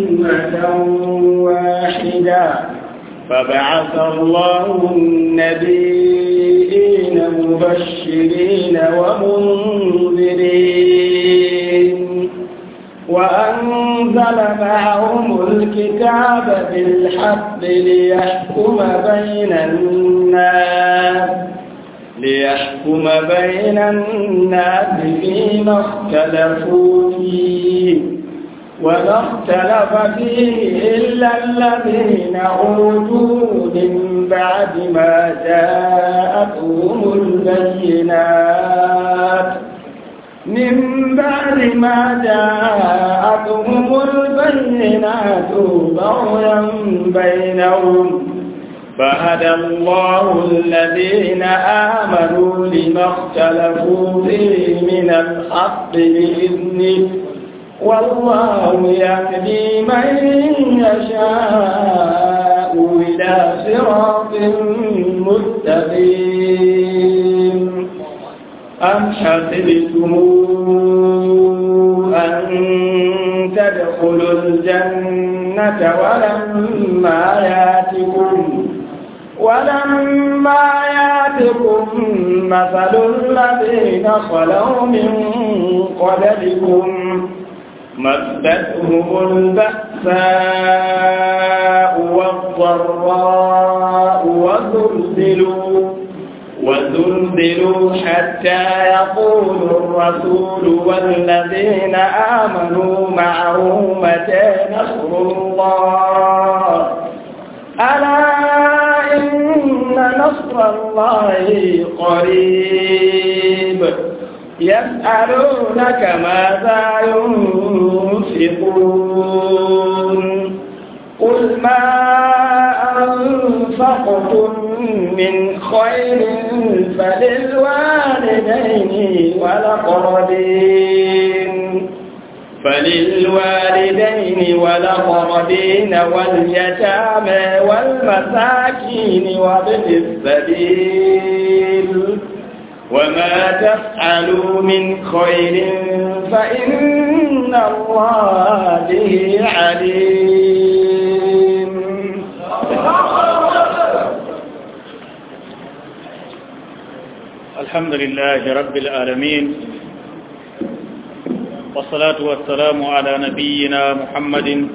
أمة واحدة فبعث الله النبيين مبشرين ومنذرين وأنزل معهم الكتاب بالحق ليحكم بين الناس ليحكم بين الناس فيما اختلفوا فيه وما اختلف فيه إلا الذين أوتوا من بعد ما جاءتهم البينات من بعد ما جاءتهم البينات بغيا بينهم فهدى الله الذين آمنوا لما اختلفوا فيه من الحق بإذنه والله يهدي من يشاء إلى صراط مستقيم أم حسبتم أن تدخلوا الجنة ولما ياتكم ولما ياتكم مثل الذين خلوا من قبلكم مستهم البأساء والضراء وزلزلوا وزلزلوا حتى يقول الرسول والذين آمنوا معه متى نصر الله ألا إن نصر الله قريب يسألونك ماذا ينفقون قل ما أنفقتم من خير فللوالدين ولقربين فللوالدين ولقربين واليتامى والمساكين وابن السبيل وما تفعلوا من خير فإن الله به عليم الحمد لله رب العالمين والصلاة والسلام على نبينا محمد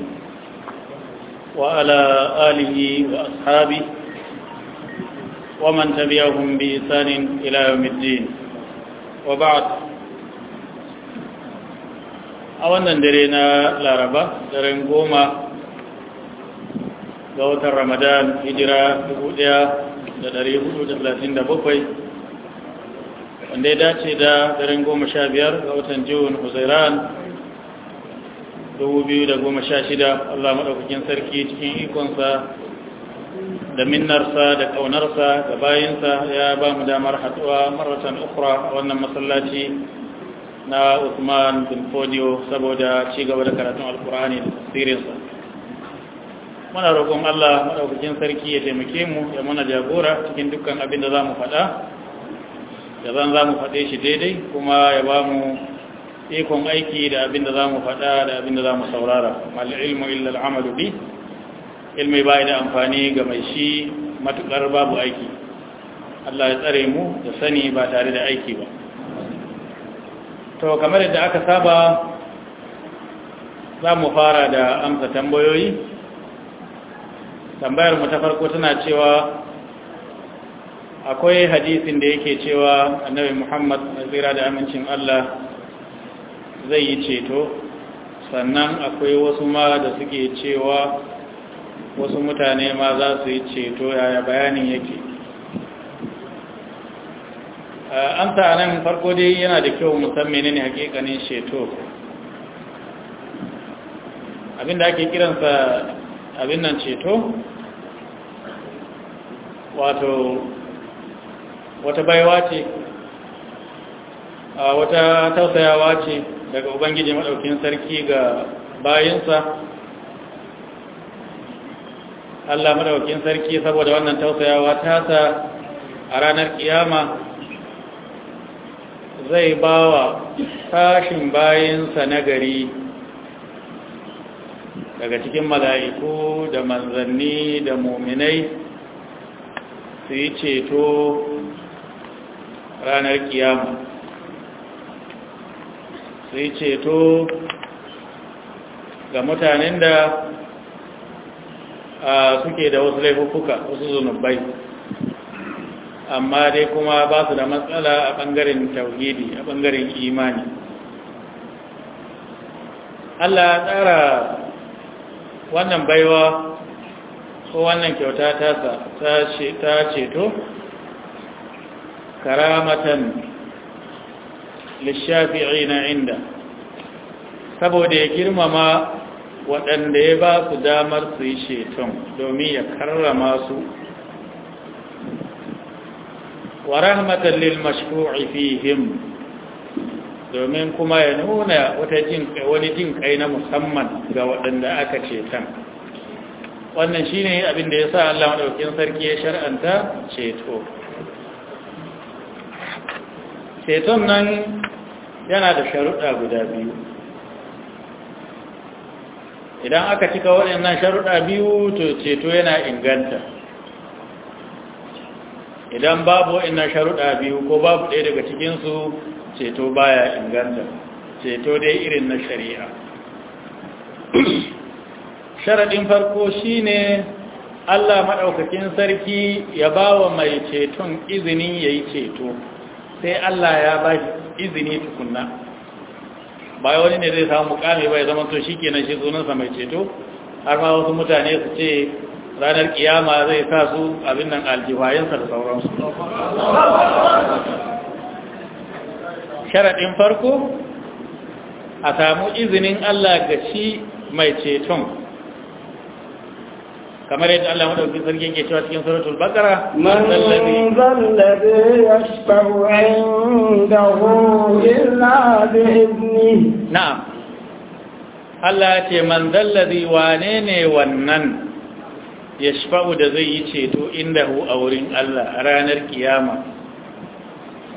وعلى آله وأصحابه ومن تبعهم بإحسان إلى يوم الدين وبعد a wannan dare na laraba daren goma ga watan ramadan hijira 1437 wanda درين dace da daren goma sha biyar ga watan goma sha shida, allah maɗaukakin sarki cikin ikonsa da minnarsa da ƙaunarsa da bayinsa ya ba mu damar haɗuwa maratan ukra a wannan masallaci na Usman bin Fodio saboda ci gaba da karatun alkur'ani da tasirinsa. Muna roƙon Allah maɗaukakin sarki ya taimake mu ya mana jagora cikin dukkan abin da za mu faɗa, da zan za mu faɗe shi daidai kuma ya ba mu ikon aiki da abin da za mu faɗa da abin da za mu saurara. Mal ilmu illa bi ilmi ba da amfani ga mai shi matukar babu aiki Allah ya tsare mu da sani ba tare da aiki ba to kamar yadda aka saba za mu fara da amsa tambayoyi tambayar mu ta farko tana cewa akwai hadisin da yake cewa annabi muhammad tsira da amincin Allah zai yi ceto sannan akwai wasu ma da suke cewa wasu mutane ma za su yi ceto yaya bayanin yake an nan farko dai yana da kyau musamman ne hakikanin ceto abinda ake kiransa abin nan ceto wato wata baiwa ce wata tausayawa ce daga ubangiji maɗaukin sarki ga bayinsa Allah madawakin sarki saboda wannan tausayawa tasa a ranar kiyama zai ba wa tashin bayansa na gari daga cikin mala'iku da manzanni da muminai su yi ceto ranar kiyama su yi ceto ga mutanen da suke da wasu laifuka wasu zunubai amma dai kuma ba su da matsala a ɓangaren tauhidi a ɓangaren imani allah ya tsara wannan baiwa ko wannan kyauta tasa ta ceto karamatan lishafi'ina inda saboda ya girmama waɗanda ya ba su damar su yi sheton domin ya karrama su wa rahmatan lil mashru'i fihim domin kuma ya nuna wata jin wani jin kai na musamman ga waɗanda aka ceton wannan shine abin da yasa Allah madaukakin sarki ya shar'anta ceto ceton nan yana da sharuɗa guda biyu idan aka cika waɗannan sharuɗa biyu to ceto yana inganta idan babu waɗannan sharuɗa biyu ko babu ɗaya daga cikinsu ceto baya inganta ceto dai irin na shari'a sharaɗin farko shine Allah maɗaukakin sarki ya ba wa mai ceton izinin ya yi ceto sai Allah ya ba izini tukunna ba wani ne zai samu kame bai zama to shikenan shi sunansa mai ceto har ma wasu mutane su ce ranar kiyama zai sa su abin nan aljiwayensa da sauransu sharaɗin farko a samu izinin Allah ga shi mai ceton kamar yadda Allah madaukakin sarki yake cewa cikin suratul baqara man zalladhi yashfa'u 'indahu illa bi idnihi na'am Allah ya ce man zalladhi wane ne wannan yashfa'u da zai yi ceto indahu a wurin Allah ranar kiyama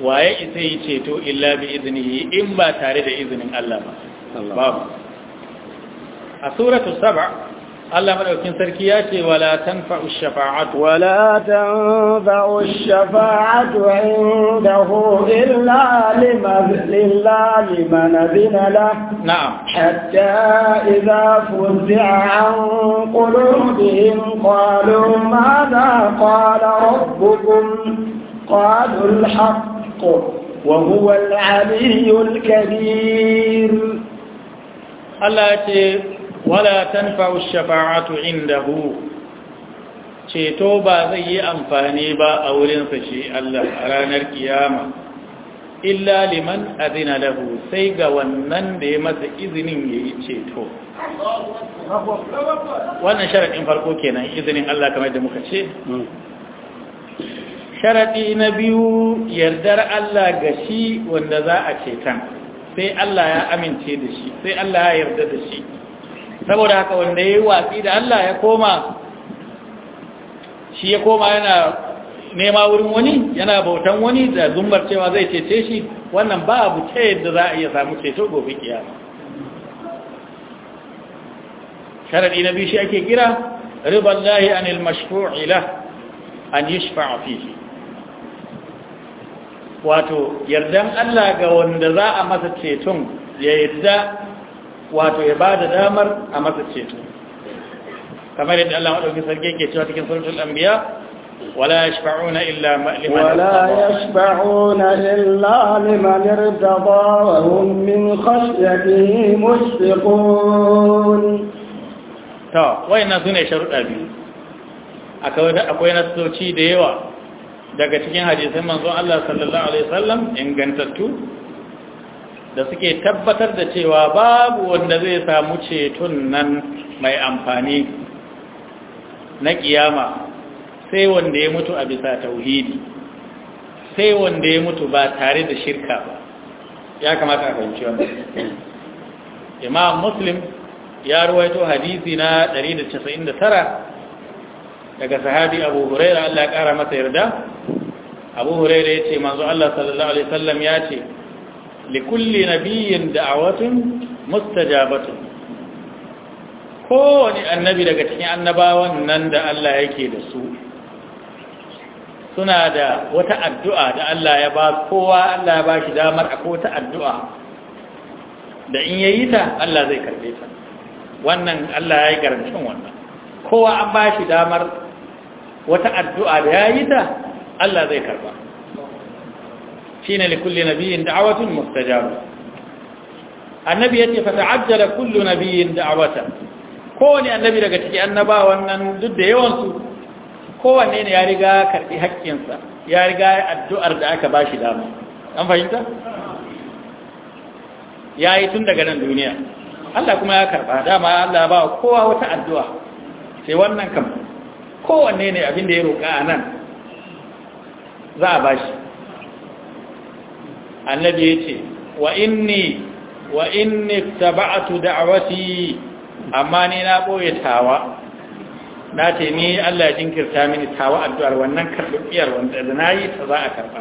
waye ita yi ceto illa bi idnihi in ba tare da izinin Allah ba babu a suratul saba' Allah madaukin sarki ya ce wala tanfa'u shafa'atu wala tanfa'u shafa'atu indahu illa liman liman adina la na'am hatta idza fuz'a an qulubihim qalu madha qala rabbukum qalu al-haqq wa huwa al-'aliyyu al-kabir Allah ya ce wala tanfa'u shafa'atu indahu ceto ba zai yi amfani ba a wurinsa shi Allah a ranar kiyama illa liman azina lahu sai ga wannan da ya masa izinin ya yi ceto wannan sharaɗin farko kenan izinin Allah kamar da muka ce hmm. sharaɗi na biyu yardar Allah ga shi wanda za a cetan sai Allah ya amince da shi sai Allah ya yarda da shi saboda haka wanda ya yi watsi da Allah ya koma shi ya koma yana nema wurin wani yana bautan wani da zumbar cewa zai cece shi wannan ba abu ce yadda za a iya samu ceto gobe kiya sharadi na biyu shi ake kira riban lahi anil mashfu'i an yashfa'a fihi wato yardan Allah ga wanda za a masa ceton ya yadda wato ya bada damar a masa ceto kamar yadda Allah madaukakin sarki ke cewa cikin suratul anbiya ولا يشفعون إلا لمن ولا يشفعون إلا لمن ارتضى وهم من خشيته مشفقون to wayannan sune sharuɗa biyu akwai nasoci da yawa daga cikin hadisin manzon Allah sallallahu alaihi wasallam ingantattu da suke tabbatar da cewa babu wanda zai samu ceton nan mai amfani na kiyama sai wanda ya mutu a bisa tauhidi sai wanda ya mutu ba tare da shirka ba ya kamata a fahimci wanda imam muslim ya ruwaito hadisi na 199 daga sahabi abu huraira Allah ya kara masa yarda abu huraira ya ce manzo Allah sallallahu alaihi wasallam ya ce likulli nabiyyin da'awatun mustajabatun kowane annabi daga cikin annabawan nan da Allah yake da su suna da wata addu'a da Allah ya ba kowa Allah ya ba shi damar akwai wata addu'a da in yayi ta Allah zai karbe ta wannan Allah ya yi garantin wannan kowa an ba shi damar wata addu'a da ya yi ta Allah zai karba shine li kulli nabiyyin da'awatun mustajaba annabi yace fa ta'ajjala kullu nabiyyin da'awata kowane annabi daga cikin annabawan nan duk da yawan kowanne ya riga karbi haƙƙinsa ya riga addu'ar da aka bashi dama an fahimta yayi tun daga nan duniya Allah kuma ya karba dama Allah ba kowa wata addu'a sai wannan kam kowanne ne abin da ya roƙa a nan za a bashi annabi ce, wa inni wa inni taba'tu da'wati amma ni na boye tawa na ce ni Allah ya jinkirta mini tawa addu'ar wannan karɓiyar wanda da nayi ta za a karɓa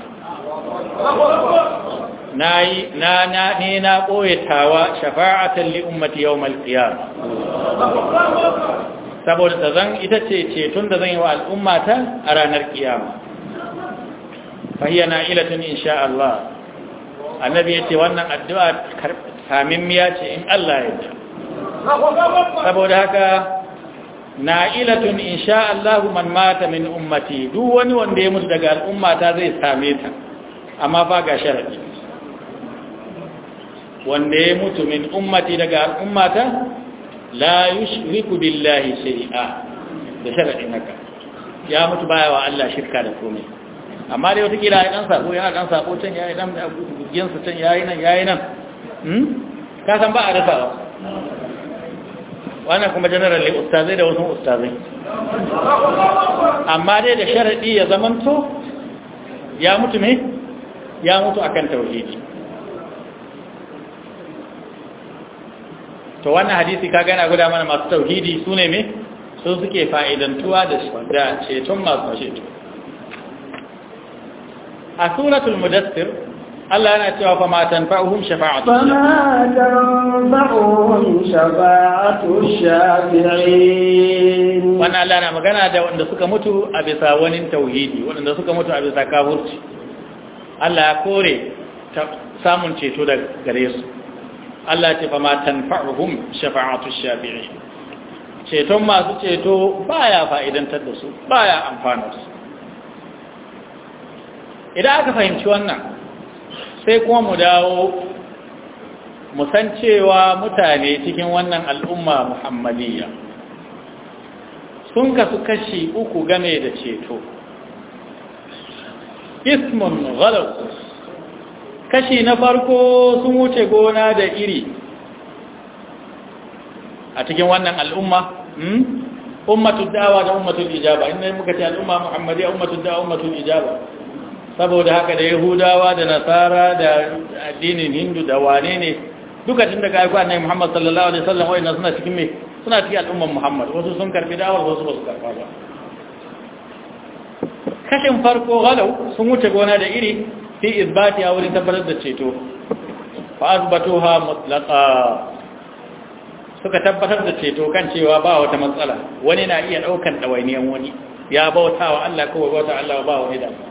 nayi na na ni na boye tawa shafa'atan li ummati yawmal qiyamah saboda da zan ita ce tun da zan yi wa al'ummata a ranar kiyama fahiya na ilatun insha Allah annabi ya ce wannan addu'a miya ce in Allah ya da saboda haka na na'ilatun sha Allah man mata min ummati duk wani wanda ya mutu daga al'ummata zai same ta amma ba ga sharaɗi wanda ya mutu min ummati daga al'ummata la shiriku billahi shari'a da sharaɗi haka ya mutu baya wa Allah shirka da komai amma dai wata kila ya dan sako yana dan sako can yayi dan gugiyan sa can yayi nan yayi nan hmm ka san ba a rasa ba wannan kuma generally ustazai da wasu ustazai amma dai da sharadi ya zamanto ya mutu ne ya mutu akan tauhidi to wannan hadisi ka gana guda mana masu tauhidi su ne me sun suke fa'idantuwa da ceton masu ceto a suratul mudassir Allah yana cewa fa ma tanfa'uhum shafa'atu fa ma tanfa'uhum shafa'atu shafi'in wannan Allah na magana da wanda suka mutu a bisa wani tauhidi wanda suka mutu a bisa kafirci Allah ya kore samun ceto da gare su Allah ce fa ma tanfa'uhum shafa'atu shafi'in ceton masu ceto baya fa'idantar da su baya amfanar su idan aka fahimci wannan sai kuma mu dawo mu san cewa mutane cikin wannan al'umma muhammadiyya sun kasu kashi uku game da ceto ismun ghalau kashi na farko sun wuce gona da iri a cikin wannan al'umma hmm? ummatu da'awa da ummatu ijaba inda muka ce al'umma muhammadiyya ummatu da'awa ummatu ijaba saboda haka da yahudawa da nasara da addinin hindu da wane ne duka tun daga aiko annabi muhammad sallallahu alaihi sallam waina suna cikin mai, suna cikin al'ummar muhammad wasu sun karbi dawar wasu ba su karba ba kashin farko galau sun wuce gona da iri fi isbati a wurin tabbatar da ceto fa asbatuha mutlaqa suka tabbatar da ceto kan cewa ba wata matsala wani na iya daukan dawainiyan wani ya bautawa Allah ko bauta Allah ba wani da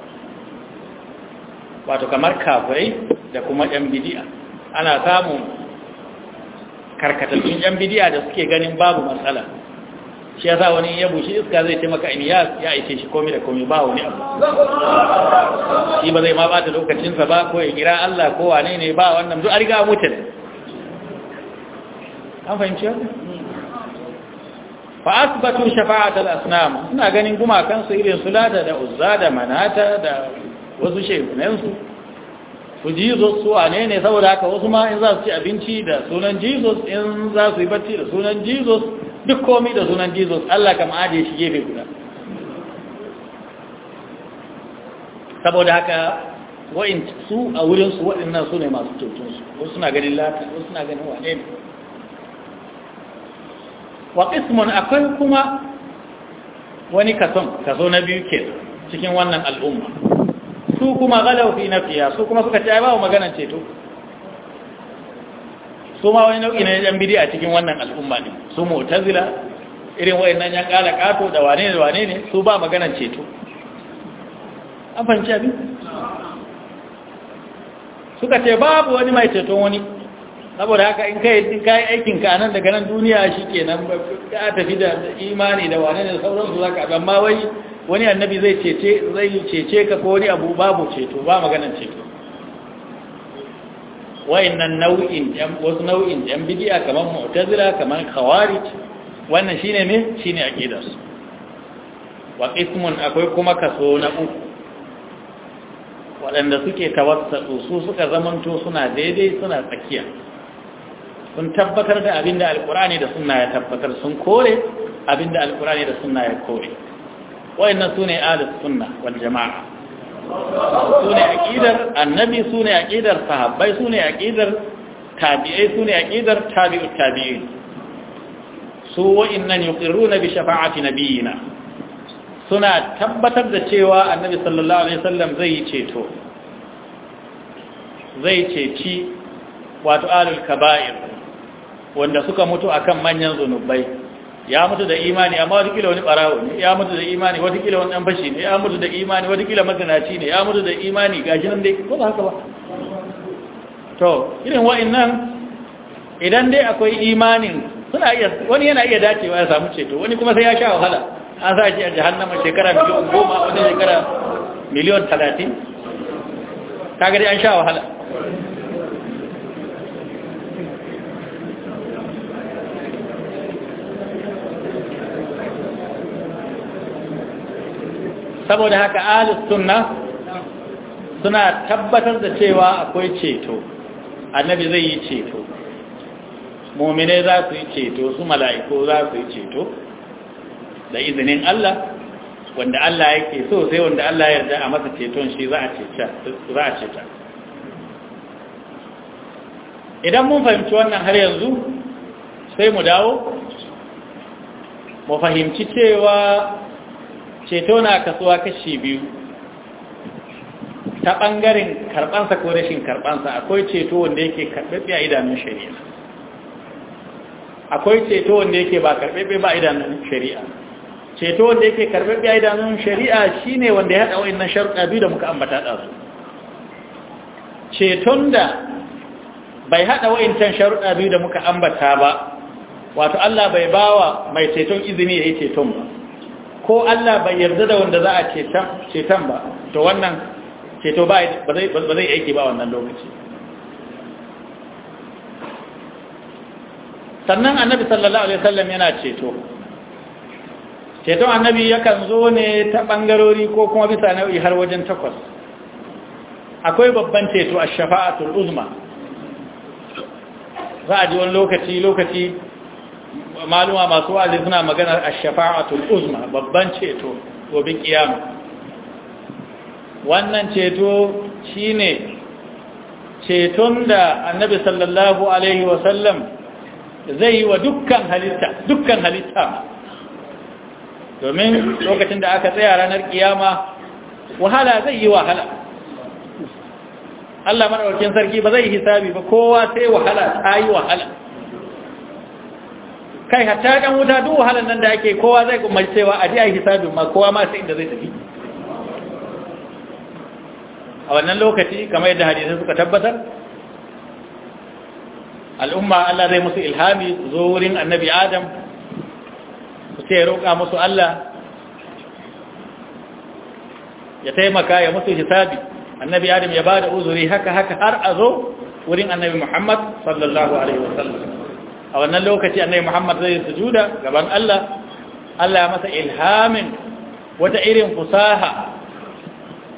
wato kamar kafirai da kuma yan bidi'a ana samun karkatattun yan bidi'a da suke ganin babu matsala shi ya sa wani ya bushe iska zai taimaka maka ya aice shi komai da komai ba wani abu shi ba zai ma bata lokacinsa ba ko ya gira Allah ko wane ne ba wannan duk an riga mutu an fahimci wannan fa asbatu shafa'at al-asnam ina ganin gumakan su irin su da uzza da manata da wasu shekunansu su jesus su a ne saboda haka wasu ma in za su ci abinci da sunan jesus in za su yi bacci da sunan jesus duk komi da sunan jesus allah kama ajiye shi gefe guda saboda haka wa'in su a wurinsu waɗannan su ne masu cutunsu wasu suna ganin lati wasu suna ganin wane ne wa ismun akwai kuma wani kaso na biyu ke cikin wannan al'umma su kuma galau fi nafiya su kuma suka ce ai ba maganar ceto su ma wani nau'i na yan bidi a cikin wannan al'umma ne su mu'tazila irin nan yan kala kato da wane ne wane ne su ba maganan ceto an fahimci abin suka ce babu wani mai ceton wani saboda haka in kai in kai aikin ka nan daga nan duniya shikenan ka tafi da imani da wane ne sauransu zaka amma wai wani annabi zai cece zai cece ka ko wani abu babu ceto ba maganan ceto wayannan nau'in wasu nau'in ɗan bid'a kamar mu'tazila kamar khawarij wannan shine me shine aqidar su wa ismun akwai kuma kaso na uku waɗanda suke tawassatu su suka zamanto suna daidai suna tsakiya sun tabbatar da abinda alqur'ani da sunna ya tabbatar sun kore abinda alqur'ani da sunna ya kore wayannan sune ahlus sunna wal jamaa sune aqidar annabi sune aqidar sahabbai sune aqidar tabi'ai sune aqidar tabi'ut tabi'in su wa'innan yuqirruna bi shafa'ati nabiyina suna tabbatar da cewa annabi sallallahu alaihi wasallam zai yi ceto zai ceci wato alul kaba'ir wanda suka mutu akan manyan zunubai ya mutu da imani amma watakila wani barawo ne ya mutu da imani watakila wani fashi ne ya mutu da imani watakila maganaci ne ya mutu da imani gashi nan dai ko ba haka ba to irin wa'annan idan dai akwai imanin suna iya wani yana iya dacewa ya samu ceto wani kuma sai ya sha wahala an sa shi a jahannama shekara miliyon goma wani shekara miliyon talatin kaga dai an sha wahala saboda haka alis sunna suna tabbatar da cewa akwai ceto annabi zai yi ceto muminai za su yi ceto su mala'iku za su yi ceto da izinin Allah wanda Allah yake so sai wanda Allah yarda a masa ceton shi za a ceta idan mun fahimci wannan har yanzu sai mu dawo mu fahimci cewa ceto na kasuwa kashi biyu ta ɓangaren karɓansa ko rashin karɓansa akwai ceto wanda yake karɓaɓɓe a idanun shari'a akwai ceto wanda yake ba karɓaɓɓe ba a idanun shari'a ceto wanda yake karɓaɓɓe a idanun shari'a shine wanda ya haɗa wa'in nan sharuɗa biyu da muka ambata ɗazu ceton da bai haɗa wa'incan sharuɗa biyu da muka ambata ba wato Allah bai bawa mai ceton izini ya yi ceton ba ko Allah bai yarda da wanda za a cetan ba to wannan ceto ba zai aiki ba wannan lokaci sannan annabi sallallahu alaihi wasallam yana ceto ceton annabi yakan zo ne ta bangarori ko kuma bisa nau'i har wajen takwas akwai babban ceto a shafa'atul uzma za a ji wani lokaci lokaci Maluwa masu wa'azi suna maganar ash-shafa'atul uzma babban ceto gobe kiyama wannan ceto shine ceton da annabi sallallahu alaihi wa sallam zai yi wa dukkan halitta dukkan halitta domin lokacin da aka tsaya ranar kiyama wahala zai yi wahala Allah madaukakin sarki ba zai yi hisabi ba kowa sai wahala ta yi wahala kai hatta dan wuta duk wahalar nan da ake kowa zai kuma cewa a ji a hisabin ma kowa ma sai inda zai tafi a wannan lokaci kamar yadda hadisai suka tabbatar al'umma Allah zai musu ilhami zo wurin annabi Adam su ce roƙa musu Allah ya taimaka ya musu hisabi annabi Adam ya bada uzuri haka haka har a zo wurin annabi Muhammad sallallahu alaihi wasallam a wannan lokaci annabi Muhammad zai sujuda gaban Allah Allah ya masa ilhamin wata irin fusaha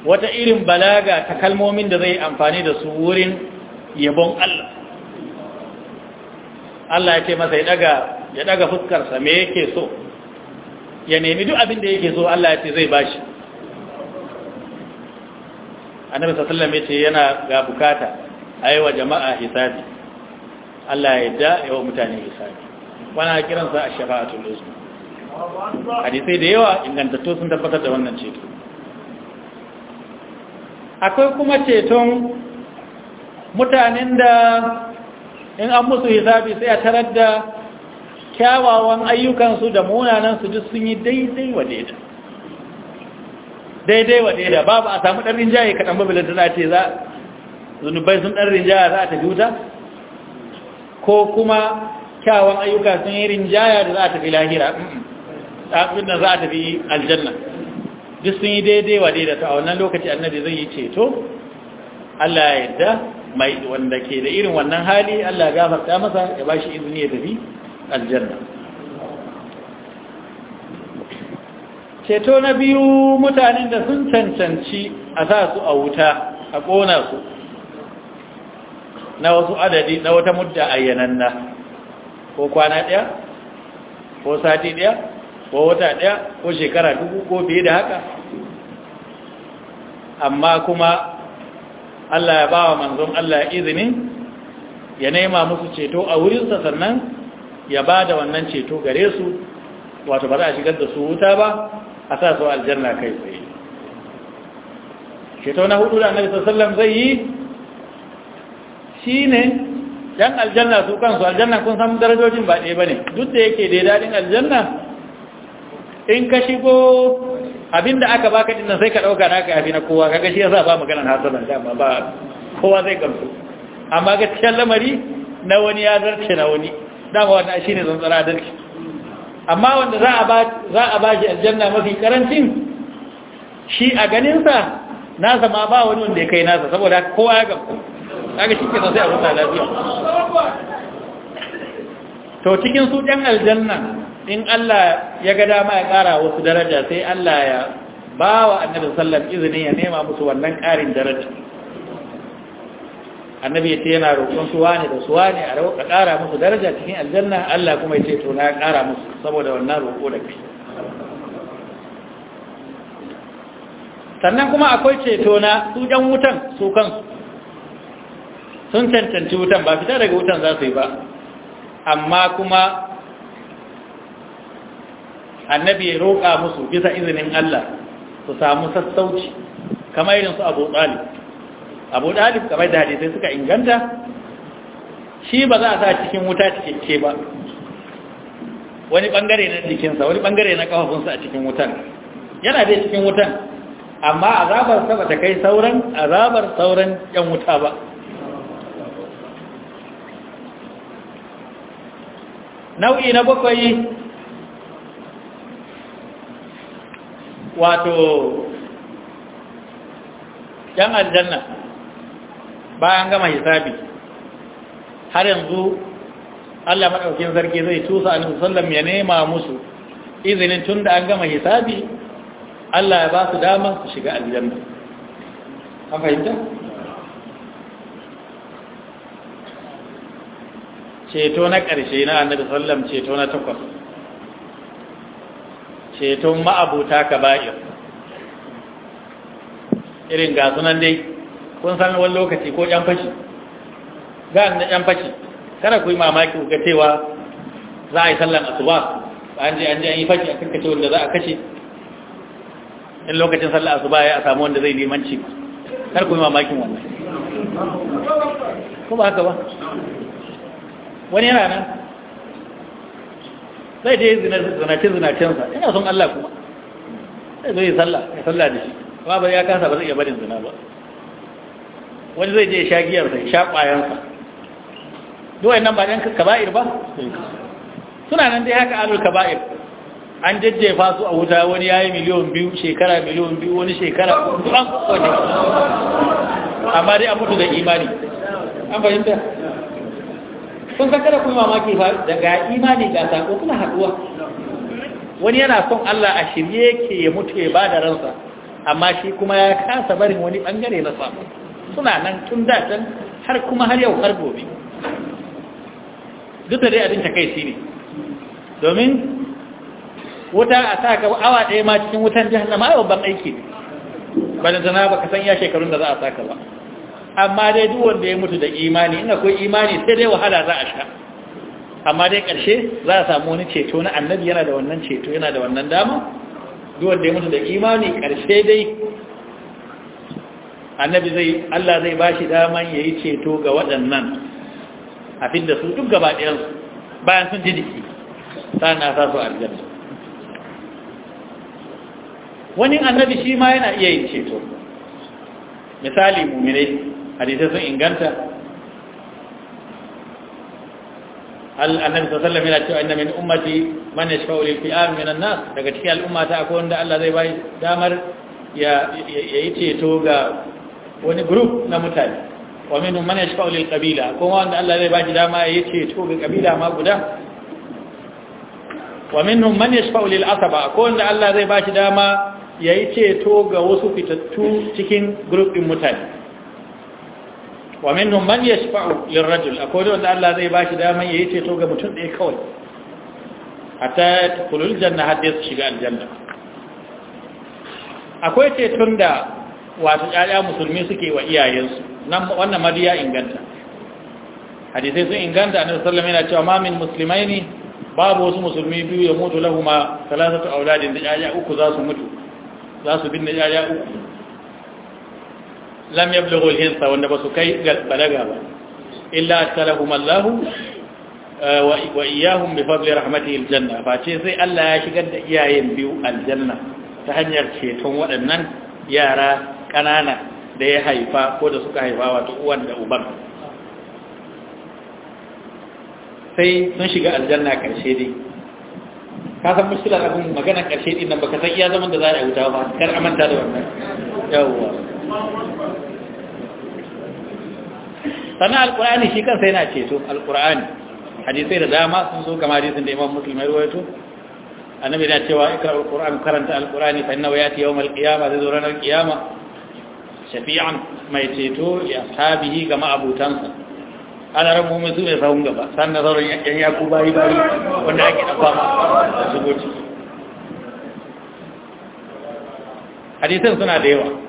wata irin balaga ta kalmomin da zai amfani da su wurin yabon Allah Allah ya ce masa ya daga ya daga fuskarsa me yake so ya nemi duk abin da yake so Allah ya ce zai bashi annabi sallallahu alaihi wasallam yace yana ga bukata ayi wa jama'a hisabi Allah ya yadda yawa mutane isani wana kiransa a shafa'atul uzma hadisai da yawa ingantattu sun tabbatar da wannan ceto akwai kuma ceton mutanen da in an musu hisabi sai a tarar da kyawawan ayyukansu da munanan su duk sun yi daidai wa daida daidai wa daida babu a samu ɗan rinjaye kaɗan babu da tana ce za zunubai sun ɗan rinjaye za a tafi wuta ko kuma kyawun ayyuka sun yi rinjaya da za a tafi lahira abin da za a tafi aljanna duk sun yi daidai wa daidata a wannan lokaci annabi zai yi ceto Allah ya yarda mai wanda ke da irin wannan hali Allah ya gafarta masa ya ba shi izini ya tafi aljanna ceto na biyu mutanen da sun cancanci a sa su a wuta a ƙona su na wasu adadi na wata mudda ayyananna ko kwana ɗaya ko sati ɗaya ko wata ɗaya ko shekara dubu ko fiye da haka amma kuma Allah ya ba wa manzon Allah izinin ya nema musu ceto a wurinsa sannan ya ba da wannan ceto gare su wato ba za a shigar da su wuta ba a sa su aljanna kai tsaye ceto na hudu da annabi sallallahu alaihi wasallam zai yi Shi ne ɗan aljanna su kansu aljanna kun san darajojin ba ɗaya bane duk da yake dai daɗin aljanna in ka shigo abinda aka baka dinnan sai ka ɗauka naka yafi na kowa kaga shi yasa ba maganar hasalan dama ba kowa zai gamsu amma ga cikin lamari na wani ya zarce na wani dama wannan shine zanzara darki amma wanda za a ba za a ba shi aljanna mafi karancin shi a ganin sa nasa ma ba wani wanda ya kai nasa saboda kowa ya gamsu kaga shi ke sai a huta lafiya to cikin su ɗan aljanna in Allah ya ga dama ya ƙara wasu daraja sai Allah ya ba wa annabi sallam izini ya nema musu wannan ƙarin daraja annabi ya ce yana roƙon su wane da su wane a roƙa ƙara musu daraja cikin aljanna Allah kuma ya ce to na ƙara musu saboda wannan roƙo da kai sannan kuma akwai ceto na su ɗan wutan su kansu sun cancanci wutan ba fita daga wutan za su yi ba amma kuma annabi ya roƙa musu bisa izinin Allah su samu sassauci kamar yin su abu ɗalib abu ɗalib kamar da hadisai suka inganta shi ba za a sa cikin wuta ce ba wani ɓangare na jikinsa wani ɓangare na ƙafafunsa a cikin wutan yana dai cikin wutan amma azabar sa ba ta kai sauran azabar sauran 'yan wuta ba nau'i na bakwai wato yan aljanna bayan gama hisabi har yanzu Allah maɗaukin sarki zai tusa a sallam ya nema musu izinin tun da an gama hisabi Allah ya ba su dama su shiga aljanna an fahimta? ceto na ƙarshe na annabi sallam ceto na takwas ceton ma'abuta ba'ir irin ga sunan dai kun san wani lokaci ko ƴan fashi ga na ƴan fashi kada ku yi mamaki ku ga cewa za a yi sallan asuba an je an je an yi fashi a kankace wanda za a kashe in lokacin sallar asuba ya samu wanda zai neman ci kar ku yi mamakin wannan ko ba haka ba wani yana nan zai je zinace-zinacensa yana son Allah kuma zai zo yi sallah ya sallah da shi ba ba ya kasa ba zai iya barin zina ba wani zai je ya sha giyarsa ya sha ƙwayansa duwai nan ba ɗan kaba'ir ba suna nan dai haka alul kaba'ir an jajjefa su a wuta wani ya yi miliyon biyu shekara miliyon biyu wani shekara an kwakwani amma dai an mutu da imani an fahimta kun san kada kuma mamaki fa daga imani ga sako kuna haduwa wani yana son Allah a shirye yake ya mutu ya bada ransa amma shi kuma ya kasa barin wani bangare na sako suna nan tun da can har kuma har yau har gobe duk da dai abin takaici ne domin wuta a sa ka awa ɗaya ma cikin wutan jihar na ma aiki ne ba da zana ba ka san ya shekarun da za a saka ba amma dai duk wanda ya mutu da imani ina akwai imani sai dai wahala za a sha amma dai ƙarshe za a samu wani ceto na annabi yana da wannan ceto yana da wannan dama duk wanda ya mutu da imani ƙarshe dai annabi zai Allah zai bashi daman yi ceto ga waɗannan a da su duk gaba ɗayan bayan sun ji jiki sana sa su aljanna wani annabi shi ma yana iya yin ceto misali muminai hadisai sun inganta annabi sallallahu alaihi wasallam yana min ummati man yashfa'u lil fi'am min an-nas daga cikin al'umma ta akwai wanda Allah zai bai damar ya yi ceto ga wani group na mutane wa minhum man yashfa'u lil qabila kuma wanda Allah zai bai dama ya yi ceto ga kabila ma guda wa minhum man yashfa'u lil asaba akwai wanda Allah zai bai dama ya yi ceto ga wasu fitattu cikin group din mutane wa min minhum man yashfa'u lirajul akwai wanda Allah zai bashi ya yayi ceto ga mutum ɗaya kawai hatta kulul janna hadda su shiga aljanna akwai ceton da wato ƴaƴa musulmi suke wa iyayensu nan wannan madiya inganta hadisai sun inganta annabi sallallahu alaihi wasallam yana cewa ma min muslimaini babu wasu musulmi biyu ya mutu lahuma salasatu auladin da ƴaƴa uku za su mutu za su binne ƴaƴa uku lam yablughul hinsa wanda ba su kai balaga ba illa talahum Allah eh, wa iyyahum bi fadli rahmatihi aljanna fa ce sai Allah ya shigar da iyayen biyu aljanna ta hanyar ceton waɗannan yara ƙanana da ya haifa ko da suka haifa wato uwan da uban sai sun shiga aljanna ƙarshe dai ka san da abin magana ƙarshe din nan baka san iya zaman da za a yi wuta ba kar a manta da wannan yawwa sannan alkur'ani shi kansa yana ceto alkur'ani hadisai da dama sun zo kamar hadisin da imam muslim ya ruwaito annabi da cewa ikra alkur'an karanta alkur'ani fa innahu yati yawm alqiyama zai zo ranar qiyama shafi'an mai ceto ya sabihi ga ma'abutansa ana rabu mai su mai sahun gaba sannan sauran yan yaku bayi bayi wanda ake dafa da su goci hadisan suna da yawa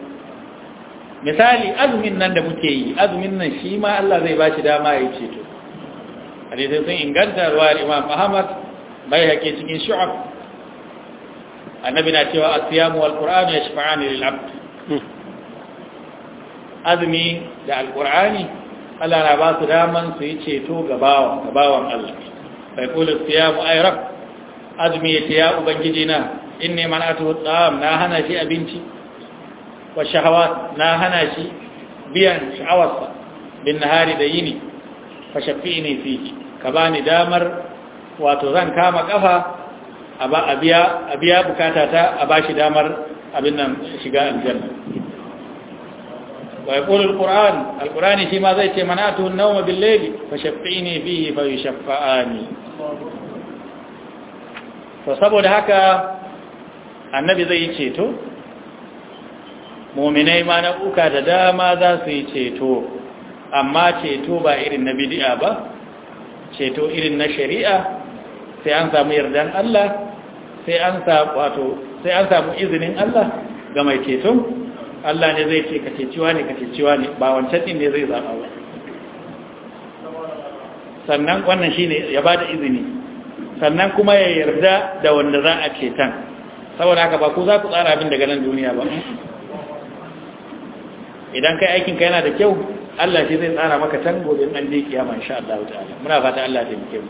misali azumin nan da muke yi azumin nan shi ma Allah zai ba shi dama ya ce to hadisai sun inganta ruwa imam ahmad bai hake cikin shu'ab annabi na cewa asiyamu wal qur'anu yashfa'ani lil abd hmm. azumi da alqur'ani Allah na ba su daman su yi ceto ga bawan ga bawan Allah bai kula siyamu ay rab azumi ya ubangiji na inni man'atu ta'am na hana shi abinci wa shahawat na hana shi biyan sha'awarsa bin nahari da yini fa shafi'ni fi ka bani damar wato zan kama kafa a biya a biya bukata ta a bashi damar abin nan shiga aljanna wa yaqulu alquran alqurani shi ma zai ce manatu an-nawm bil-layli fa shafi'ni fihi fa yushaffa'ani to saboda haka annabi zai yi ceto muminai ma na uka da dama za su yi ceto amma ceto ba irin na bidi'a ba ceto irin na shari'a sai an samu yardan Allah sai an samu izinin Allah ga mai ceton Allah ne zai ce ka ne ka ne ba wancan ne zai zaɓa ba sannan wannan shi ne ya ba da izini sannan kuma ya yarda da wanda za a ceton saboda haka ba ku za ku tsara abin daga nan duniya ba idan kai aikin ka yana da kyau Allah shi zai tsara maka tango da an je kiyama insha Allah ta'ala muna fata Allah ya taimake mu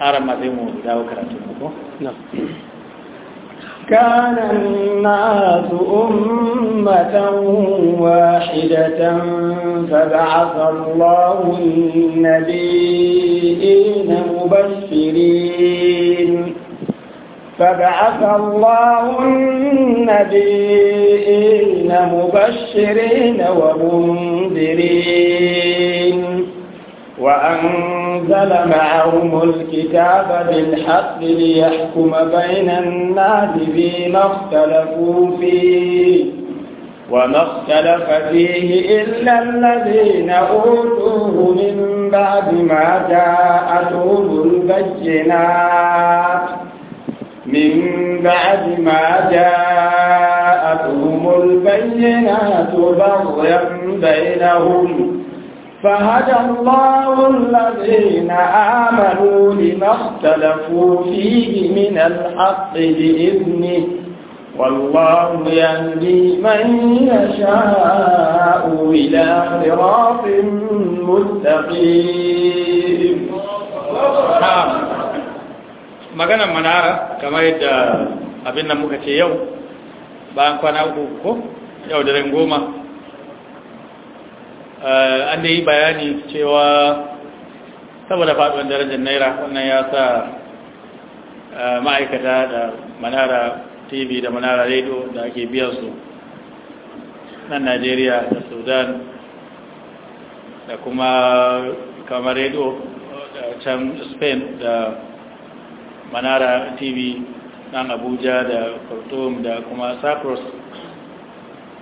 aran ma sai mu dawo karatu ko na'am كان ummatan wahidatan واحدة فبعث الله النبيين mubashirin فبعث الله النبيين مبشرين ومنذرين وأنزل معهم الكتاب بالحق ليحكم بين الناس فيما اختلفوا فيه وما اختلف فيه إلا الذين أوتوه من بعد ما جاءتهم البينات من بعد ما جاءتهم البينات بغيا بينهم فهدى الله الذين آمنوا لما اختلفوا فيه من الحق بإذنه والله يهدي من يشاء إلى صراط مستقيم نعم. maganar manara kamar yadda abin nan muka ce yau bayan kwana uku ko yau da goma eh, an da yi bayani cewa saboda faɗuwar darajar naira wannan ya sa eh, ma'aikata da manara tv da manara radio da ake su nan najeriya da sudan da kuma kamar radio eh, can spain da manara tv nan abuja da khartoum da kuma cyprus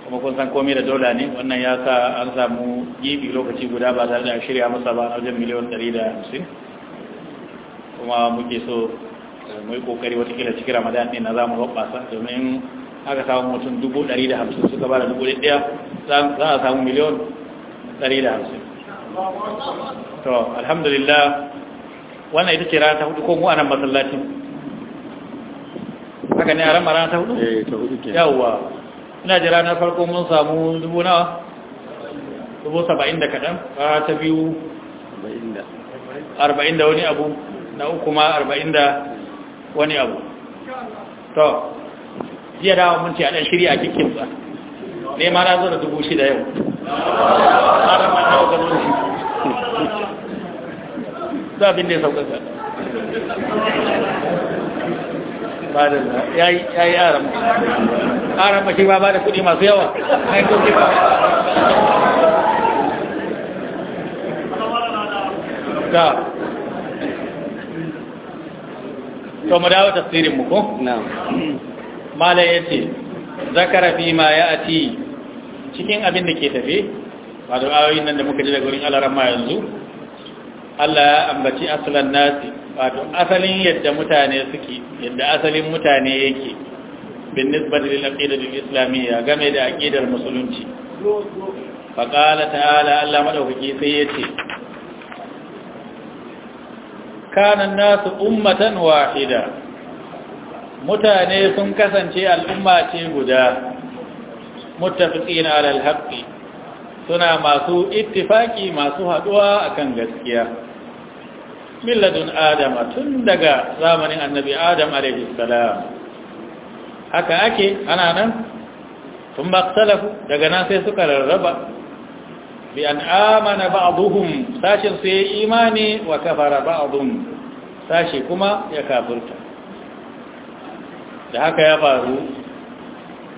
kuma kun san komai da dola ne wannan ya sa an samu gibi lokaci guda ba za a shirya masa ba wajen miliyan 150 kuma muke so eh, mu yi kokari watakila cikin ramadan ne na zamu hoɓasa domin aka samu mutum 150 suka ba da 1,000 za a samu miliyan 150 to alhamdulillah wannan ita ce rana ta hudu ko mu anan masallacin haka ne a rama rana ta hudu? eh ta hudu ke yawwa ina ji ranar farko mun samu dubu nawa dubu saba'in da kaɗan rana ta biyu arba'in da wani abu na uku ma arba'in da wani abu to jiya dawa mun ce a ɗan shirya a kikin ba ne ma na zo da dubu shida yau za abin da ya saukaka ba da za ya yi yaran ƙaran shi ba ba da kudi masu yawa haikoki to mu dawo tafsirin muku ko na'am mala yace zakara fi ma ya ya'ti cikin abin da ke tafe da ayoyin nan da muka ji daga gurin alarama yanzu Allah ya ambaci asalan nasi wato asalin yadda mutane suke yadda asalin mutane yake bin nisbar lil aqidati al islamiyya game da aqidar musulunci fa qala ta'ala Allah madaukaki sai yace kana nasu ummatan wahida mutane sun kasance al'umma ce guda muttafiqina ala al suna masu ittifaki masu haduwa akan gaskiya milladun adama tun daga zamanin annabi adam alaihi salam haka ake ana nan tun baktalafu daga nan sai suka rarraba bi an amana ba'duhum sashin su ya imani wa kafara ba'dhum sashi kuma ya kafirta da haka ya faru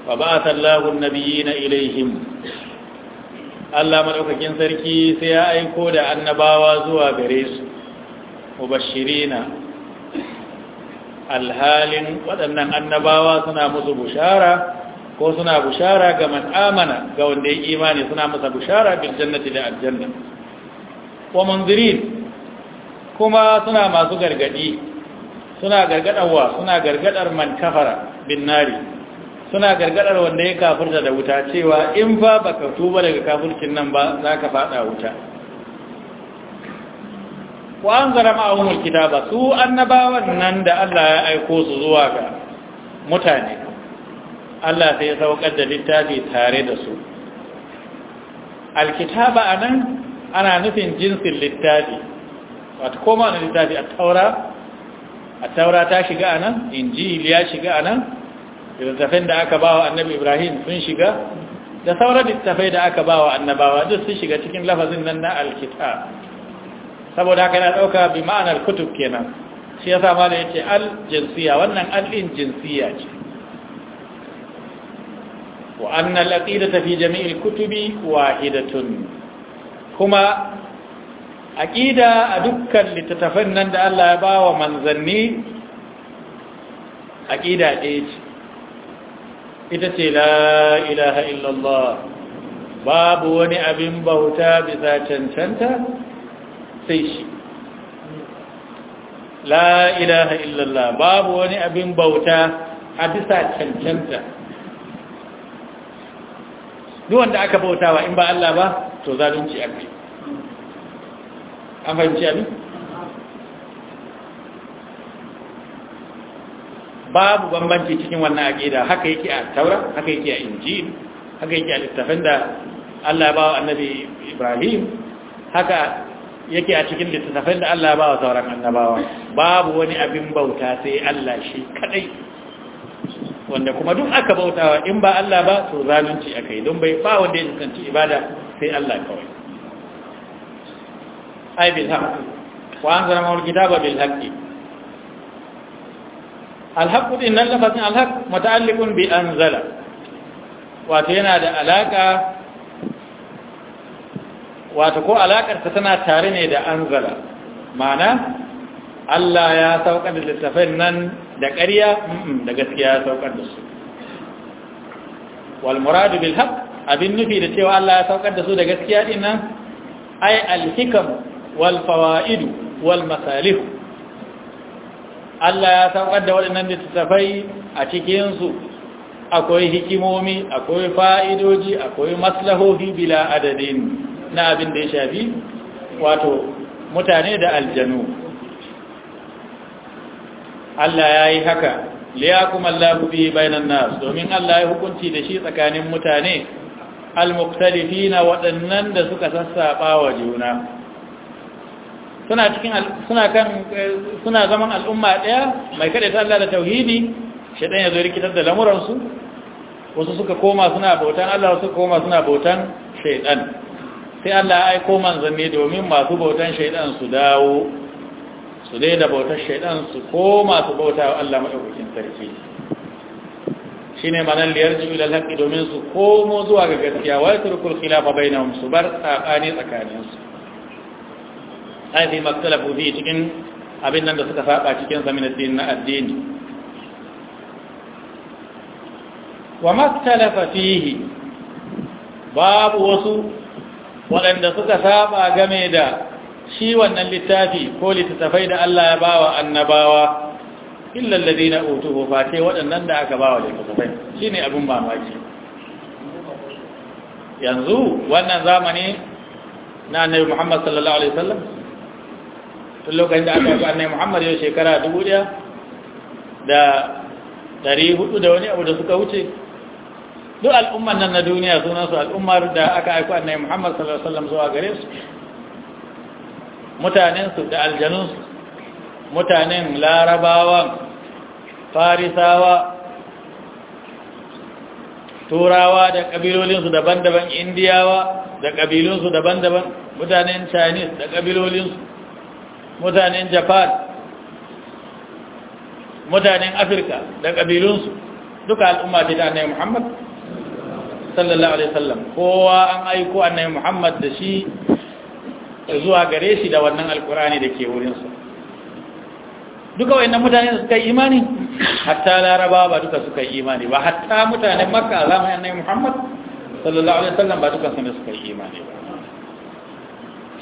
wa ba'atha Allahu na ilaihim Allah Maɗaukakin sarki sai ya aiko da annabawa zuwa gare su mubashirina alhalin waɗannan annabawa suna musu bushara ko suna bushara ga man amana ga wanda ya imani suna musu bushara bil jannati da aljanna wa munzirin kuma suna masu gargadi suna gargadarwa suna gargadar man kafara bin nari suna gargadar wanda ya kafirta da wuta cewa in ba baka tuba daga kafircin nan ba zaka fada wuta wa an zara ma'ahumul kitaba su annabawan nan da Allah ya aiko su zuwa ga mutane Allah sai ya saukar da littafi tare da su alkitaba anan ana nufin jinsin littafi wata koma na littafi a taura a taura ta shiga anan injil ya shiga anan littafin da aka bawa annabi ibrahim sun shiga da sauran littafai da aka bawa annabawa duk sun shiga cikin lafazin nan na alkitab saboda haka yana dauka bi ma'anar kutub kenan shi yasa malam yace al jinsiya wannan al din jinsiya ce wa anna al aqidata fi jami'il kutubi wahidatun kuma aqida a dukkan littattafan nan da Allah ya bawa manzanni aqida ɗaya ce ita ce la ilaha illallah babu wani abin bauta bisa cancanta sai shi la ilaha illallah babu wani abin bauta a bisa cancanta duk wanda aka bautawa in ba Allah ba to zalunci kai. an fahimci abin babu bambanci cikin wannan aqida haka yake a taura haka yake a injil haka yake a littafin da Allah ya wa annabi Ibrahim haka yake a cikin littattafai da Allah ba wa sauran annabawa babu wani abin bauta sai Allah shi kadai wanda kuma duk aka bautawa in ba Allah ba to zalunci akai don bai ba wanda ya tsanci ibada sai Allah kawai ai bil haqq wa anzala ma'al kitaba bil haqq al haqq din nan lafazin al haqq muta'alliqun bi anzala wato yana da alaka wato ko alakarta tana tare ne da anzala ma'ana Allah ya saukar da littafin nan da ƙarya da gaskiya ya saukar da su Walmuradu muradu abin nufi da cewa Allah ya saukar da su da gaskiya dinnan, ai alhikam al hikam wal fawaid wal masalih Allah ya saukar da waɗannan littafai a cikinsu, akwai hikimomi akwai fa'idoji akwai maslahohi bila adadin na abin da ya shafi wato mutane da aljanu Allah ya yi haka liyakum Allahu bihi bainan nas domin Allah ya hukunci da shi tsakanin mutane almukhtalifina waɗannan da suka sassaba wa juna suna cikin suna kan suna zaman al'umma ɗaya mai kada ta Allah da tauhidi shedan ya zo rikitar da lamuransu wasu suka koma suna bautan Allah wasu koma suna bautan shaidan sai Allah ya aiko manzanni domin masu bautan shaidan su dawo su daina bautar shaidan su ko masu bauta wa Allah maɗaukakin sarki shi ne manan liyar jibi da haƙi domin su komo zuwa ga gaskiya wai turkul khilafa bai su bar tsakani tsakaninsu haifi maktalafu fi cikin abin nan da suka saba cikin saminatin na addini wa maktalafa fihi babu wasu waɗanda suka saba game da shi wannan littafi ko littattafai da Allah ya bawa annabawa illal ladina utuhu fate waɗannan da aka bawa littattafai shine abin mamaki yanzu wannan zamani na annabi Muhammad sallallahu alaihi wasallam tun lokacin da aka yi annabi Muhammad yau shekara dubu da dari hudu da wani abu da suka wuce duk al'umman nan na duniya sunansu al'ummar da aka aiko annabi Muhammad sallallahu alaihi wasallam zuwa gare su mutanensu da aljanunsu mutanen larabawan farisawa turawa da ƙabilolinsu daban-daban indiyawa da ƙabilunsu daban-daban mutanen chinese da ƙabilolinsu mutanen japan mutanen afirka da ƙabilunsu duka al'umma ce da annabi muhammad sallallahu alaihi wasallam kowa an aiko annabi Muhammad da shi zuwa gare shi da wannan alkurani da ke wurin wurinsa duka wayannan mutane suka yi imani hatta laraba ba duka suka yi imani ba hatta mutanen makka a annabi muhammad sallallahu alaihi wasallam ba duka sun suka yi imani ba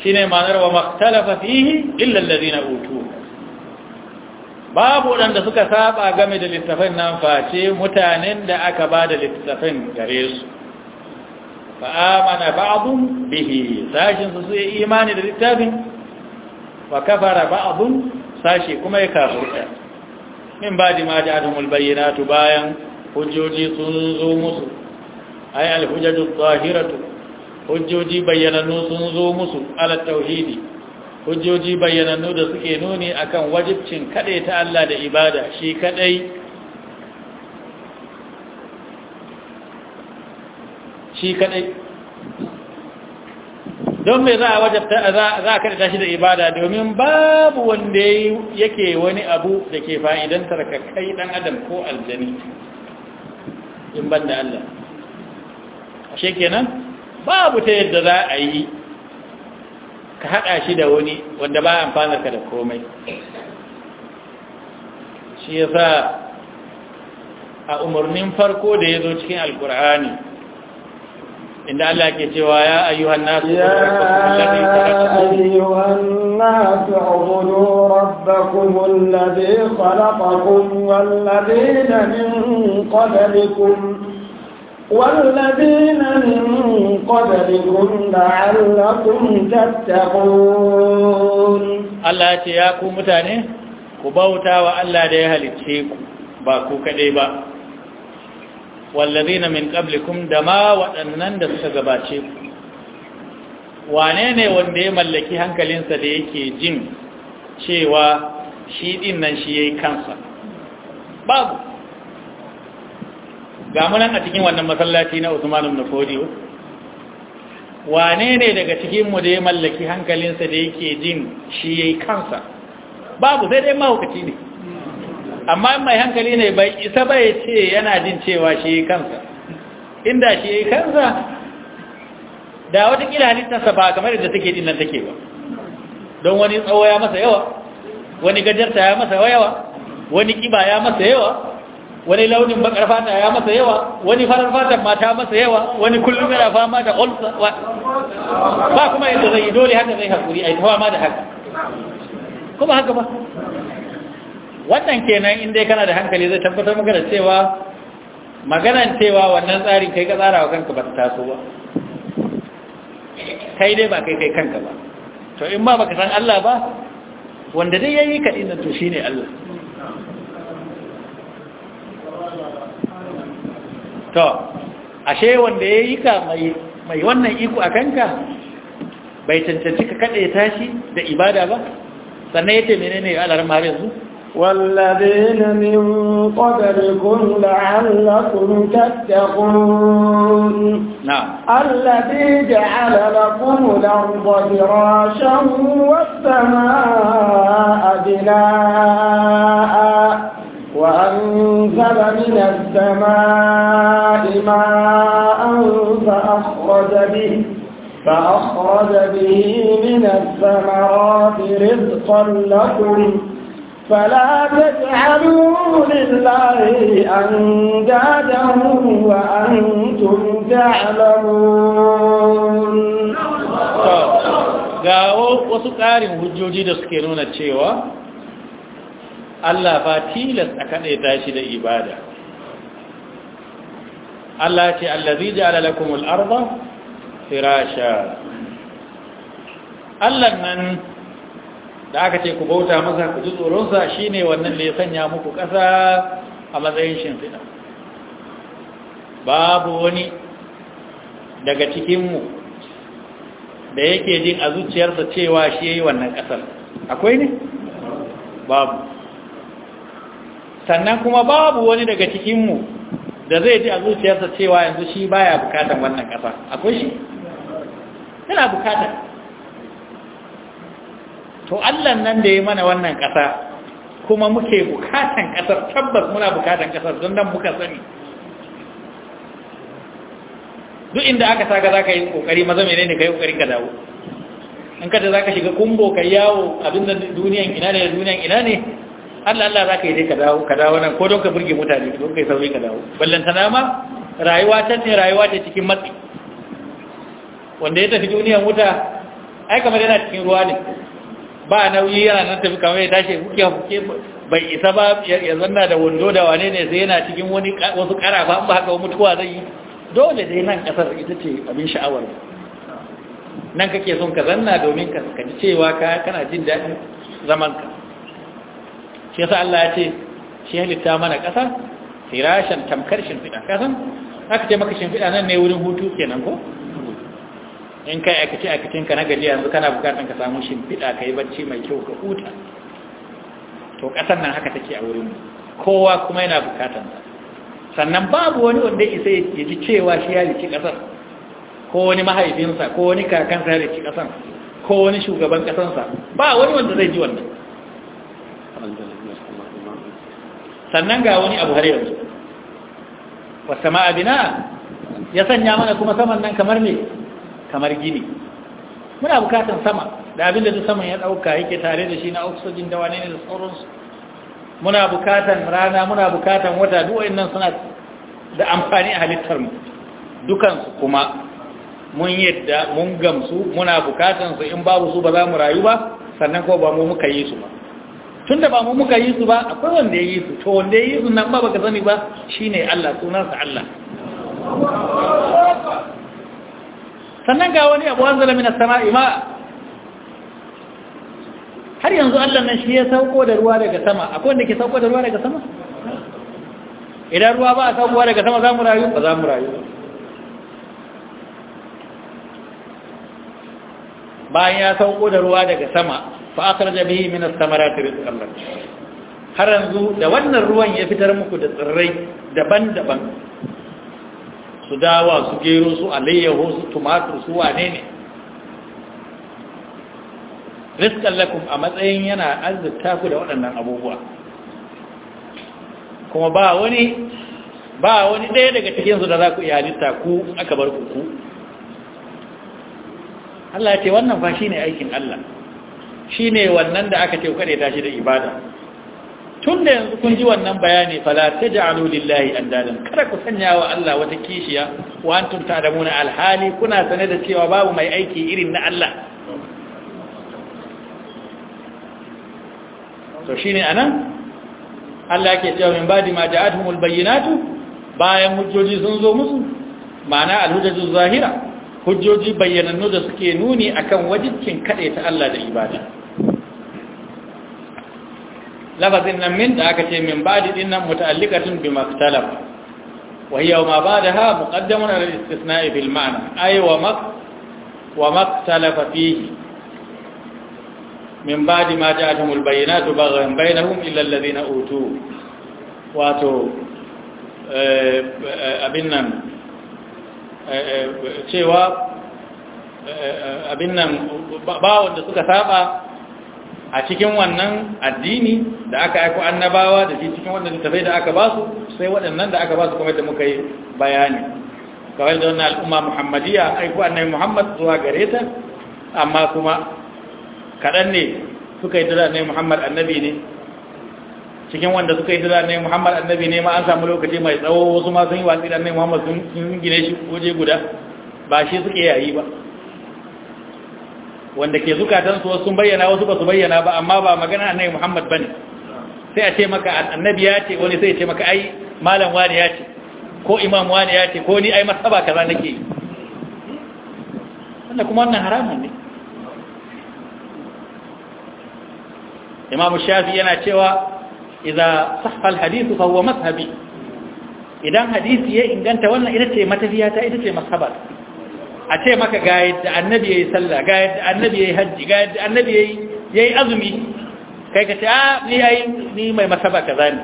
shine ma'anar wa maktalafa fihi illa alladhina utu babu wadanda suka saba game da littafin nan face mutanen da aka ba da littafin gare su fa amana ba'dhum bihi sashin su sai imani da littafin wa kafara ba'dhum sashi kuma ya kafirta min ba'di ma ja'atuhumul bayyinatu bayan hujjoji sun zo musu ay al-hujjatu adh hujjoji bayyanannu sun zo musu ala tauhidi hujjoji bayyanannu da suke nuni akan wajibcin ta Allah da ibada shi kaɗai. shi kadai don me za a wajabta za a karanta shi da ibada domin babu wanda yake wani abu da ke fa’idan tarkakai kai dan adam ko aljani in ban da Allah ashe kenan babu ta yadda za a yi ka haɗa shi da wani wanda ba amfana ka da komai shi ya sa a umarnin farko da ya zo cikin alkur'ani inda Allah ke cewa ya ayyuhan nasu ya ayyuhan nasu ubudu rabbakum alladhi khalaqakum walladhina min qablikum والذين من قبلكم لعلكم تتقون الله يا ku mutane ku bauta wa Allah da ya halicce ku ba ku kadai ba wallazina min qablikum da ma waɗannan da suka gabace ku wane ne wanda ya mallaki hankalinsa da yake jin cewa shi din nan shi ya yi kansa babu gamunan a cikin wannan masallaci na Usman na fodiyo wane ne daga cikinmu da ya mallaki hankalinsa da yake jin shi ya yi kansa babu sai dai mahaukaci ne amma mai hankali ne bai isa bai ce yana jin cewa shi kansa inda shi kansa da watakila halittarsa ba kamar da take dinnan take ba don wani tsawo ya masa yawa wani gajarta ya masa yawa wani kiba ya masa yawa wani launin bakar fata ya masa yawa wani farar fata mata masa yawa wani kullum yana fama da ulsa ba kuma yadda zai dole haka zai hakuri ai yi ma da haka kuma haka ba wannan kenan in dai kana da hankali zai tabbatar maka da cewa maganan cewa wannan tsarin kai ka tsara wa kanka ba ta taso ba kai dai ba kai kai kanka ba to in ba baka san Allah ba wanda dai yayi ka dinnan to shine Allah to ashe wanda yayi ka mai mai wannan iko a kanka bai cancanci ka kada ya tashi da ibada ba sannan yace menene ya alarma har yanzu والذين من قبلكم لعلكم تتقون نعم الذي جعل لكم الأرض فراشا والسماء بناء وأنزل من السماء ماء فأخرج به فأخرج به من الثمرات رزقا لكم فلا تجعلوا لله أندادا وأنتم تعلمون ga wasu ƙarin hujjoji da suke nuna cewa Allah fa tilas a kaɗai tashi da ibada Allah ce allazi ja'ala lakumul arda firasha Allah nan da aka ce ku bauta masa ku ji tsoronsa shi ne wannan da ya sanya muku ƙasa a matsayin shimfiɗa babu wani daga cikinmu da yake jin a zuciyarsa cewa shi ya yi wannan ƙasar akwai ne? babu sannan kuma babu wani daga cikinmu da zai ji a zuciyarsa cewa yanzu shi baya bukatar wannan ƙasa akwai shi? yana bukatar to Allah nan da ya mana wannan ƙasa kuma muke bukatan ƙasar tabbas muna bukatan ƙasar don nan muka sani duk inda aka saka za ka yi ƙoƙari maza mene ne ka yi ƙoƙari ka dawo in ka ta za ka shiga kumbo ka yawo abin da duniyan ina ne duniyan ina ne Allah Allah za ka yi dai ka dawo ka dawo nan ko don ka burge mutane ko kai sauri ka dawo ballantana ma rayuwa ta ce rayuwa ce cikin matsi wanda ya tafi duniyan wuta ai kamar yana cikin ruwa ne ba nauyi yana nan tafi kamar ya tashi buke-buke bai isa ba ya zanna da wando da wane ne sai yana cikin wani wasu kara ba ba haka mutuwa zai yi dole dai nan kasar ita ce abin sha'awar nan kake son ka zanna domin ka ji cewa ka kana jin daɗin zaman ka shi yasa Allah ya ce shi halitta mana ƙasa firashan tamkar shimfiɗa kasan aka ce maka shimfiɗa nan ne wurin hutu kenan ko in kai aikace aikacinka na gaji yanzu kana bukatar ka samu shimfiɗa ka yi bacci mai kyau ka huta to ƙasar nan haka take a wurin kowa kuma yana bukatar sannan babu wani wanda isa ya ji cewa shi ya riki ƙasar ko wani mahaifinsa ko wani kakansa ya riki ƙasar ko wani shugaban ƙasarsa ba wani wanda zai ji wannan sannan ga wani abu har yanzu wasu ma'abina ya sanya mana kuma saman nan kamar ne kamar gini muna bukatan sama da abin da saman ya ɗauka yake tare da shi na oxygen da wane ne da sauransu muna bukatan rana muna bukatan wata duwayen nan suna da amfani a halittarmu dukansu kuma mun yadda mun gamsu muna su in babu su ba za mu rayu ba sannan kuma ba mu muka yi su ba tunda ba mu muka yi su ba akwai wanda ya yi su to wanda ya yi su nan ba baka sani ba shine Allah sunansa Allah sannan ga wani abu wanzala minas sama'i ma har yanzu Allah nan shi ya sauko da ruwa daga sama akwai wanda ke sauko da ruwa daga sama idan ruwa ba a saukowa daga sama za mu rayu ba za mu rayu bayan ya sauko da ruwa daga sama fa akhraja bihi min as-samarati rizqan lakum har yanzu da wannan ruwan ya fitar muku da tsirrai daban-daban su dawa su gero su alayyahu su tumatur su wane ne rizkan lakum a matsayin yana arzikta ku da waɗannan abubuwa kuma ba wani ba wani ɗaya daga cikinsu da za ku iya halitta ku aka bar ku ku Allah ce wannan fa shine aikin Allah shine wannan da aka ce ku kada tashi da ibada tun da yanzu kun ji wannan bayani fala ta ja'alu lillahi andadan kada ku sanya wa Allah wata kishiya wa da muna alhali kuna sane da cewa babu mai aiki irin na Allah to a anan Allah yake cewa min badi ma ja'atuhumul bayyinatu bayan hujjoji sun zo musu ma'ana alhujjatu zahira hujjoji bayyanannu da suke nuni akan wajibcin ta Allah da ibada lafazin nan min da aka ce min ba'di din nan muta'alliqatun bi maktalab wa hiya ma ba'daha muqaddamun ala istisna'i bil ma'na ay wa mak wa maktalafa fihi min ba'di ma ja'atuhum al bayyinatu baghan bainahum illa alladhina utu wato abin nan cewa abin nan ba wanda suka saba a cikin wannan addini da aka aiko annabawa da shi cikin wannan littafai da aka basu sai waɗannan da aka basu kuma da muka yi bayani kawai da wannan al'umma muhammadiyya aiko annabi muhammad zuwa gare ta amma kuma kaɗan ne suka yi dala annabi muhammad annabi ne cikin wanda suka yi dala annabi muhammad annabi ne ma an samu lokaci mai tsawo wasu ma sun yi watsi da annabi muhammad sun gine shi waje guda ba shi suke yayi ba wanda ke zukatansu wasu sun bayyana wasu ba su bayyana ba amma ba magana annabi Muhammad bane sai a ce maka annabi ya ce wani sai ya ce maka ai malam wani ya ce ko imam wani ya ce ko ni ai masaba kaza nake yi wanda kuma wannan haramun ne imam shafi yana cewa idza sahha alhadith fa huwa mazhabi idan hadisi ya inganta wannan ita ce matafiya ta ita ce mashabata a ce maka ga yadda annabi ya yi sallah ga yadda annabi ya yi hajji ga yadda annabi ya yi azumi kai ka ce a ah, ni ya yi ni mai masaba ka zane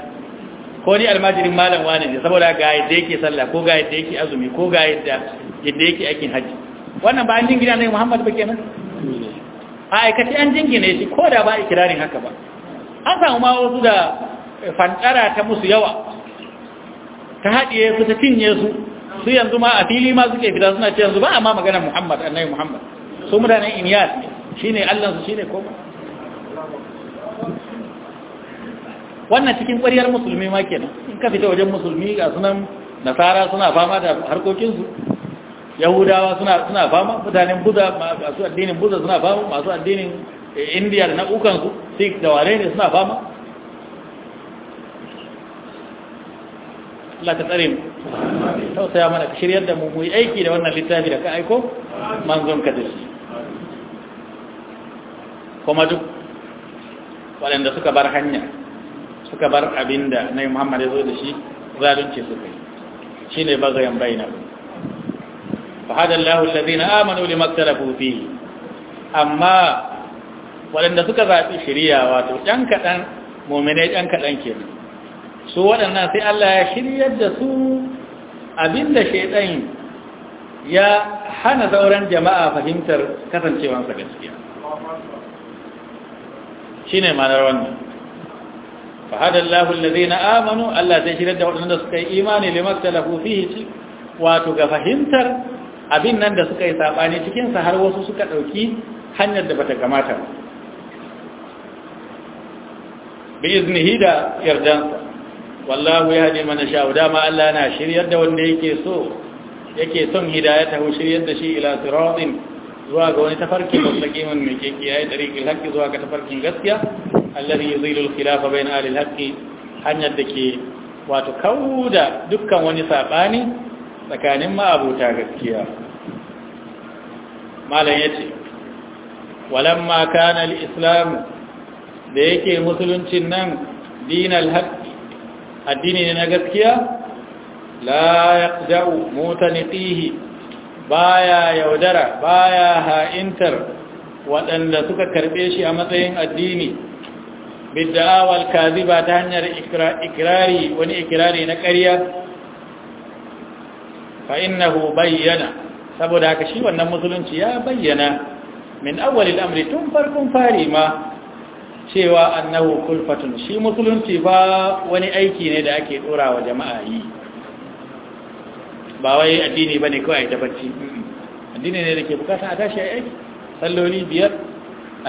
ko ni almajirin malam wani ne saboda ga yadda yake sallah ko ga yadda yake azumi ko ga yadda yadda yake aikin hajji wannan ba an jingina ne muhammad ba kenan a aikace an jingine shi ko da ba ikirarin haka ba an samu ma wasu da fantara ta musu yawa ta haɗiye su ta cinye su su yanzu ma a fili ma suke fita suna ce yanzu ba a ma magana muhammad annabi muhammad su mutanen iniyas ne shine allansu shine koma wannan cikin ƙwariyar musulmi ma kenan in ka fita wajen musulmi ga sunan nasara suna fama da harkokinsu yahudawa suna fama mutanen buda masu addinin buda suna fama masu addinin eh, indiya da na'ukansu sikh da ware ne suna fama Allah ta tsare mu tausaya mana ka shiryar da mu mu yi aiki da wannan littafi da ka aiko manzon ka dashi kuma duk waɗanda suka bar hanya suka bar abin da yi muhammad ya zo da shi zalunci suka yi shi ne bagayen bayna fa hada na alladhina amanu limaktalafu fihi amma waɗanda suka zaɓi shirya wato ɗan kaɗan mominai ɗan kaɗan kenan su waɗannan sai Allah ya shiryar da su abinda shaidan ya hana sauran jama'a fahimtar kasancewansa gaskiya shi ne manar wannan fahadallahu lalazina amanu Allah zai shirar da waɗanda suka yi imani limasta lafufihi wato ga fahimtar abin nan da suka yi saɓani cikinsa har wasu suka ɗauki hanyar da bata kamata ba bi iznihi da yardansa wallahu ya haɗe mana sha'u dama Allah na shiryar da wanda yake so yake son hidayata hu shiryar da shi ila siratin zuwa ga wani tafarki mustaqimin mai keke kiyaye tariqil haqqi zuwa ga tafarkin gaskiya allazi yuzilu al-khilafa bayna ahli al-haqqi hanyar da ke wato kauda dukkan wani sabani tsakanin ma'abuta gaskiya malam yace walamma kana al-islam da yake musuluncin nan dinal haqq addini ne na gaskiya la yaqda'u Ba ya yaudara baya ha'intar waɗanda suka karɓe shi a matsayin addini bidda'awal kaziba ta hanyar ikirari wani ikirari na ƙarya fa'innahu bayyana saboda haka shi wannan musulunci ya bayyana min awwalil amri tun farkon fari ma cewa annahu kulfatun shi musulunci ba wani aiki ne da ake dora wa jama'a yi ba wai addini bane kawai ai bacci addini ne da ke bukata a tashi aiki salloli biyar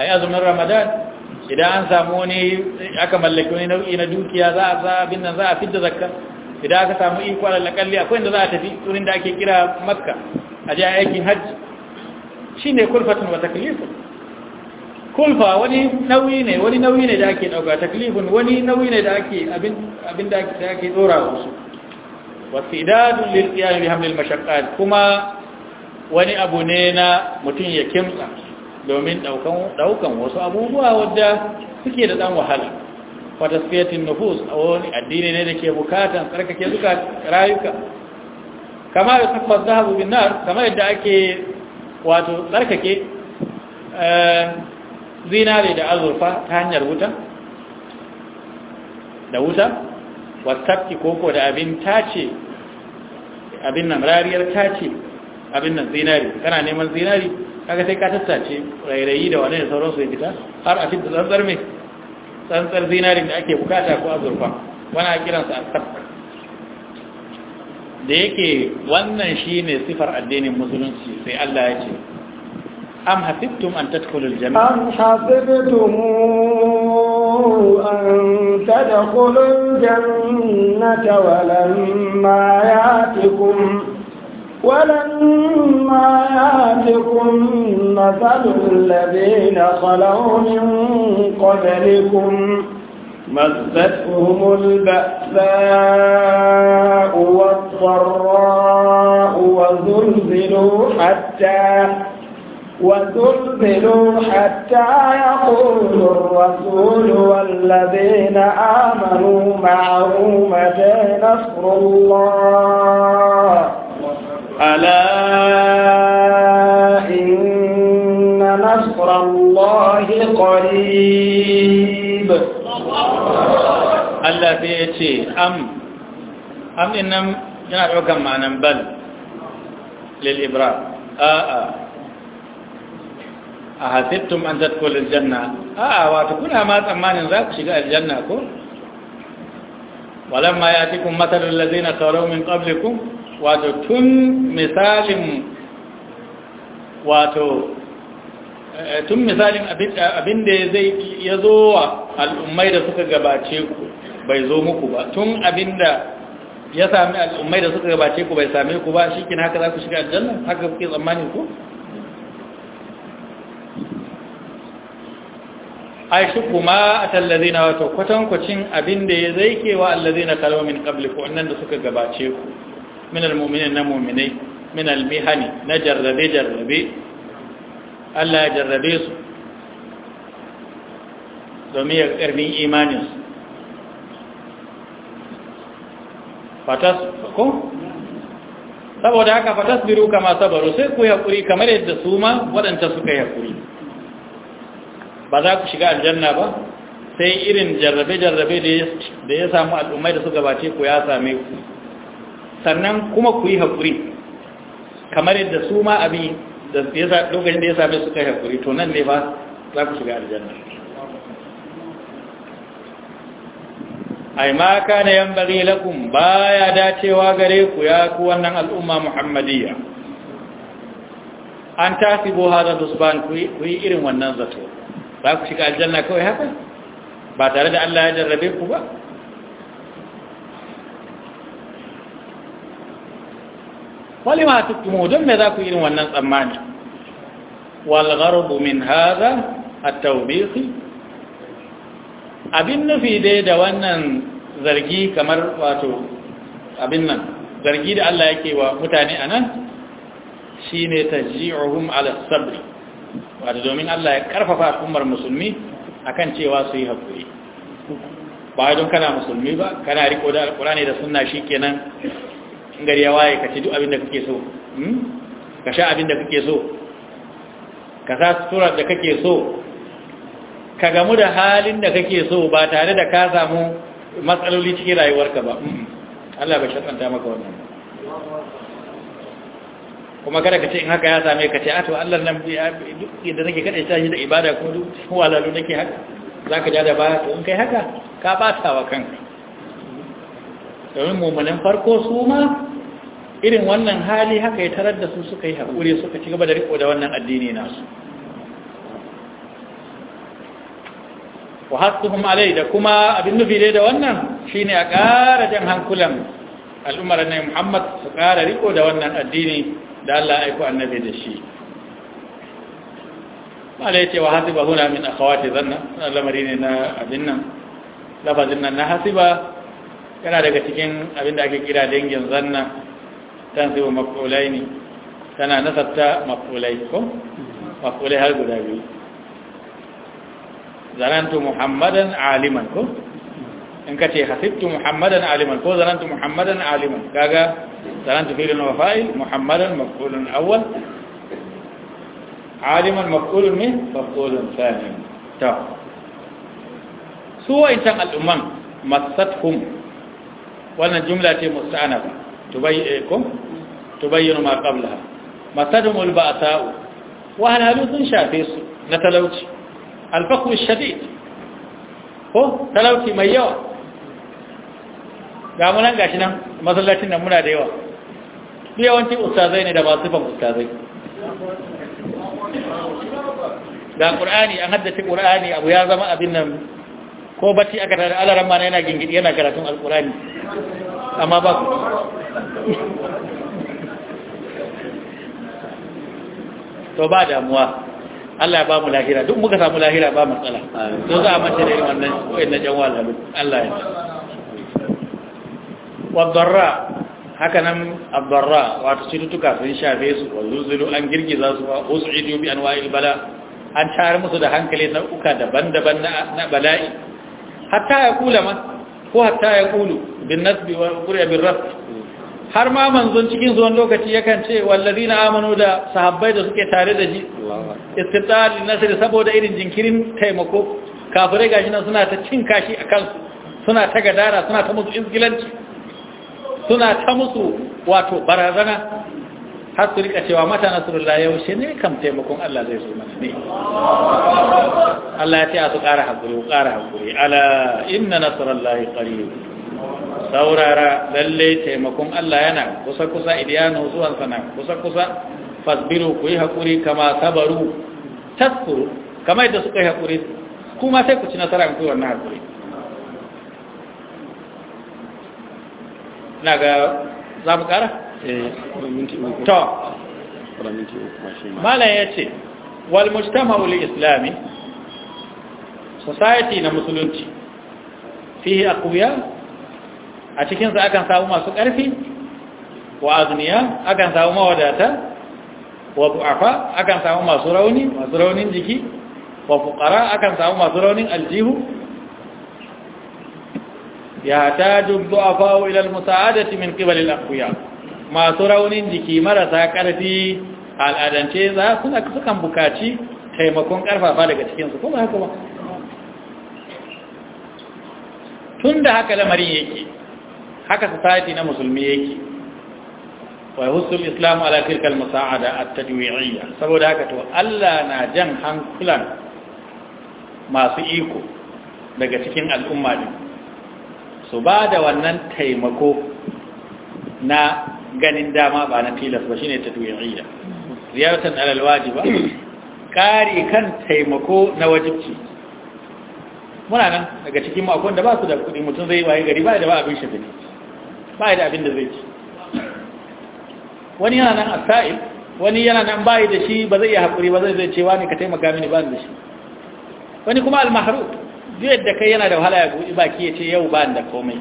a yi azumin ramadan idan an samu wani aka mallaki wani nau'i na dukiya za a za bin nan za a fidda zakka idan aka samu iko alakalli akwai inda za a tafi wurin da ake kira makka a je aikin hajji shine kulfatun wa taklifun kulfa wani nauyi ne wani nauyi ne da ake dauka taklifun wani nauyi ne da ake abin abin da ake da ake dora musu wasidadun lil qiyam bi hamlil mashaqqat kuma wani abu ne na mutun ya kimsa domin daukan daukan wasu abubuwa wanda suke da dan wahala fa tasfiyatin nufus aw addini ne da ke bukatan tsarkake zuka rayuka kama da takwas zahabu bin nar kama yadda ake wato tsarkake eh, zinare da azurfa ta hanyar wuta da wuta wasafti koko da abin tace abin nan rariyar tace abin nan zinari kana neman zinari kaga sai ka tattace rairayi da wani da sauransu ya fita har a fita tsantsar mai tsantsar zinare da ake bukata ko azurfa wani a kiransa asafti da yake wannan shi ne sifar addinin musulunci sai Allah ya ce أم حسبتم أن تدخلوا الجنة أم حسبتم أن تدخلوا الجنة ولما يأتكم ولما يأتكم مثل الذين خلوا من قبلكم مستهم البأساء والضراء وزلزلوا حتى وتنزلوا حتى يقول الرسول والذين آمنوا معه متى نصر الله ألا إن نصر الله قريب ألا بيتي أم أم إنم جنات عقم معنا بل للإبراء آه آه a hasibtum an janna aljanna a'a wato kuna ma tsammanin za ku shiga aljanna ko walamma yatikum matalul ladina taraw min qablikum wato tun misalin wato tun misalin abin da zai ya zo wa al'ummai da suka gabace ku bai zo muku ba tun abin da ya sami al'ummai da suka gabace ku bai same ku ba shi kina haka za ku shiga aljanna haka kuke tsammanin ku ai shuku ma atal na wato kwatankwacin abin da ya zaike wa allazina kalaw min ko annan da suka gabace ku min almu'minin na mu'minai min almihani na jarrabe jarrabe Allah ya jarrabe su domin ya karbin imanin su fatas ko saboda haka fatas biru kama sabaru sai ku yakuri kamar yadda su ma waɗanta suka yakuri ba za ku shiga aljanna ba sai irin jarrabe-jarrabe da ya samu al'ummai da su gabace ku ya same ku sannan kuma ku yi haƙuri kamar yadda su ma abin da lokacin da ya same su kai haƙuri to nan ne ba za ku shiga aljanna ai ma kana yanbaghi lakum baya dacewa gare ku ya ku wannan al'umma muhammadiyya an tasibu hada dusban ku yi irin wannan zato za ku shiga aljanna kawai haka ba tare da Allah ya jarrabe ku ba wali ma tuktumu don me za ku irin wannan tsammani wal gharbu min hadha at-tawbiq abin nufi dai da wannan zargi kamar wato abin nan zargi da Allah yake wa mutane anan shine tajji'uhum ala sabr wato domin Allah ya karfafa al'ummar musulmi akan cewa su yi haƙuri ba don kana musulmi ba kana riko da alkurani da sunna kenan in gari ya waye ka ci duk abin da kake so hmm? ka sha abin da kake so ka sa surar da kake so ka gamu da halin da kake so ba tare da ka samu matsaloli cikin rayuwarka ba hmm. Allah bai shatsanta maka wannan kuma kada ka ce in haka ya same ka ce a ah, to Allah nan ah, duk yadda nake kada ya shi da ibada ko duk walalu nake haka zaka ja da baya to in kai haka ka bata wa kanka domin mu'minin farko su ma irin wannan hali haka ya tarar da su suka yi hakuri suka ci gaba da riko da wannan addini nasu wa hasuhum alai da kuma abin nufi dai da wannan shine a ƙara jan hankulan al'ummar annabi Muhammad su ƙara riko da wannan addini da Allah aiko annabi da shi mala yace wa hasiba huna min akhawati zanna wannan lamari ne na abin nan lafazin nan na hasiba yana daga cikin abin da ake kira dangin zanna tansibu maqulaini tana nasabta maqulai ko maqulai har guda biyu zanantu muhammadan aliman ko in ka ce hasibtu muhammadan aliman ko zanantu muhammadan aliman kaga zanantu filin wa fa'il muhammadan maf'ulun awwal aliman maf'ulun min maf'ulun thani ta su wa'incan al'umman masathum wannan jumla ce musta'anafa tubayyikum tubayyinu ma qablaha masadhum al-ba'sa'u wa halalu sun shafe su na talauci al-faqru shadid ko talauci mai yawa ga munan gashi nan masallacin nan muna da yawa Su yawanci ustazai ne da ba sifan ustazai ga qur'ani an haddace qur'ani abu ya zama abin nan ko bacci aka tare alaran ma yana gingidi yana karatun alqur'ani amma ba ku to ba damuwa Allah ya ba mu lahira duk muka samu lahira ba matsala to za a mace da yi wannan ko na jan wala Allah ya wadarra haka nan abdarra wato cututtuka sun shafe su wazuzulu an girgiza su wa usu'idu bi wa'il bala an tayar musu da hankali na uka daban-daban na bala'i hatta ya kula ma ko hatta ya kulu bin nasbi wa kurya bin raf har ma manzon cikin zuwan lokaci yakan ce na amanu da sahabbai da suke tare da shi istital nasiri saboda irin jinkirin taimako kafirai gashi nan suna ta cin kashi a kansu, suna ta gadara suna ta musu izgilanci suna ta musu wato barazana har su rika cewa mata nasarullah yaushe ne kam taimakon Allah zai so mana ne Allah ya ce a su ƙara haƙuri ku ƙara haƙuri ala inna nasarullah qarib saurara lalle taimakon Allah yana kusa kusa idiyanu zuwan sana kusa kusa fasbiru ku yi haƙuri kama sabaru tasfuru kama yadda suka yi haƙuri kuma sai ku ci nasara in ku wannan haƙuri ina ga za mu kara? Eh, to malam ya ce wal mujtama'ul islami society na musulunci fihi aqwiya a cikinsa akan samu masu ƙarfi wa azuniya akan samu mawadata wa bu'afa akan samu masu rauni masu raunin jiki wa fuqara akan samu masu raunin aljihu yahtaju du'afa ila al-musa'adati min qibal al-aqwiya masu raunin jiki marasa karfi al'adance za suna sukan bukaci taimakon karfafa daga cikin su kuma haka ba tunda haka lamarin yake haka society na musulmi yake ويهز الإسلام على تلك المساعدة التجويعية سبب هكذا ألا ناجن هنكلا ما سيئكو لغتكين الأمة دي su ba da wannan taimako na ganin dama ba na tilas ba shine tadwi'iyya ziyaratan alalwaji ba, kari kan taimako na wajibci muna nan daga cikin makon da ba su da kudi mutum zai waye gari ba da ba abin shafi ba da abin da zai ci wani yana nan a sa'il wani yana nan bayi da shi ba zai yi haƙuri ba zai zai cewa ne ka taimaka mini ba da shi wani kuma almahru duk da kai yana da wahala ya buɗi baki ya ce yau ba da komai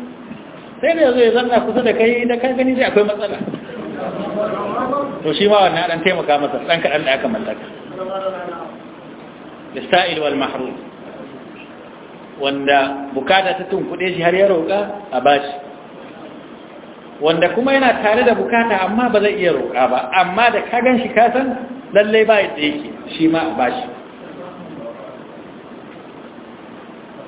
sai da yanzu ya zanna kusa da kai da kan gani zai akwai matsala to shi ma wannan dan taimaka masa dan kadan da aka mallaka lista'il wal mahrum wanda bukata ta kuɗe shi har ya roƙa a bashi wanda kuma yana tare da bukata amma ba zai iya roƙa ba amma da ka gan shi kasan lallai ba yadda yake shi ma a bashi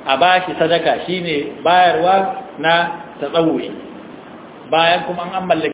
a ba shi sadaka shine bayarwa na tsawuri bayan kuma an mallaki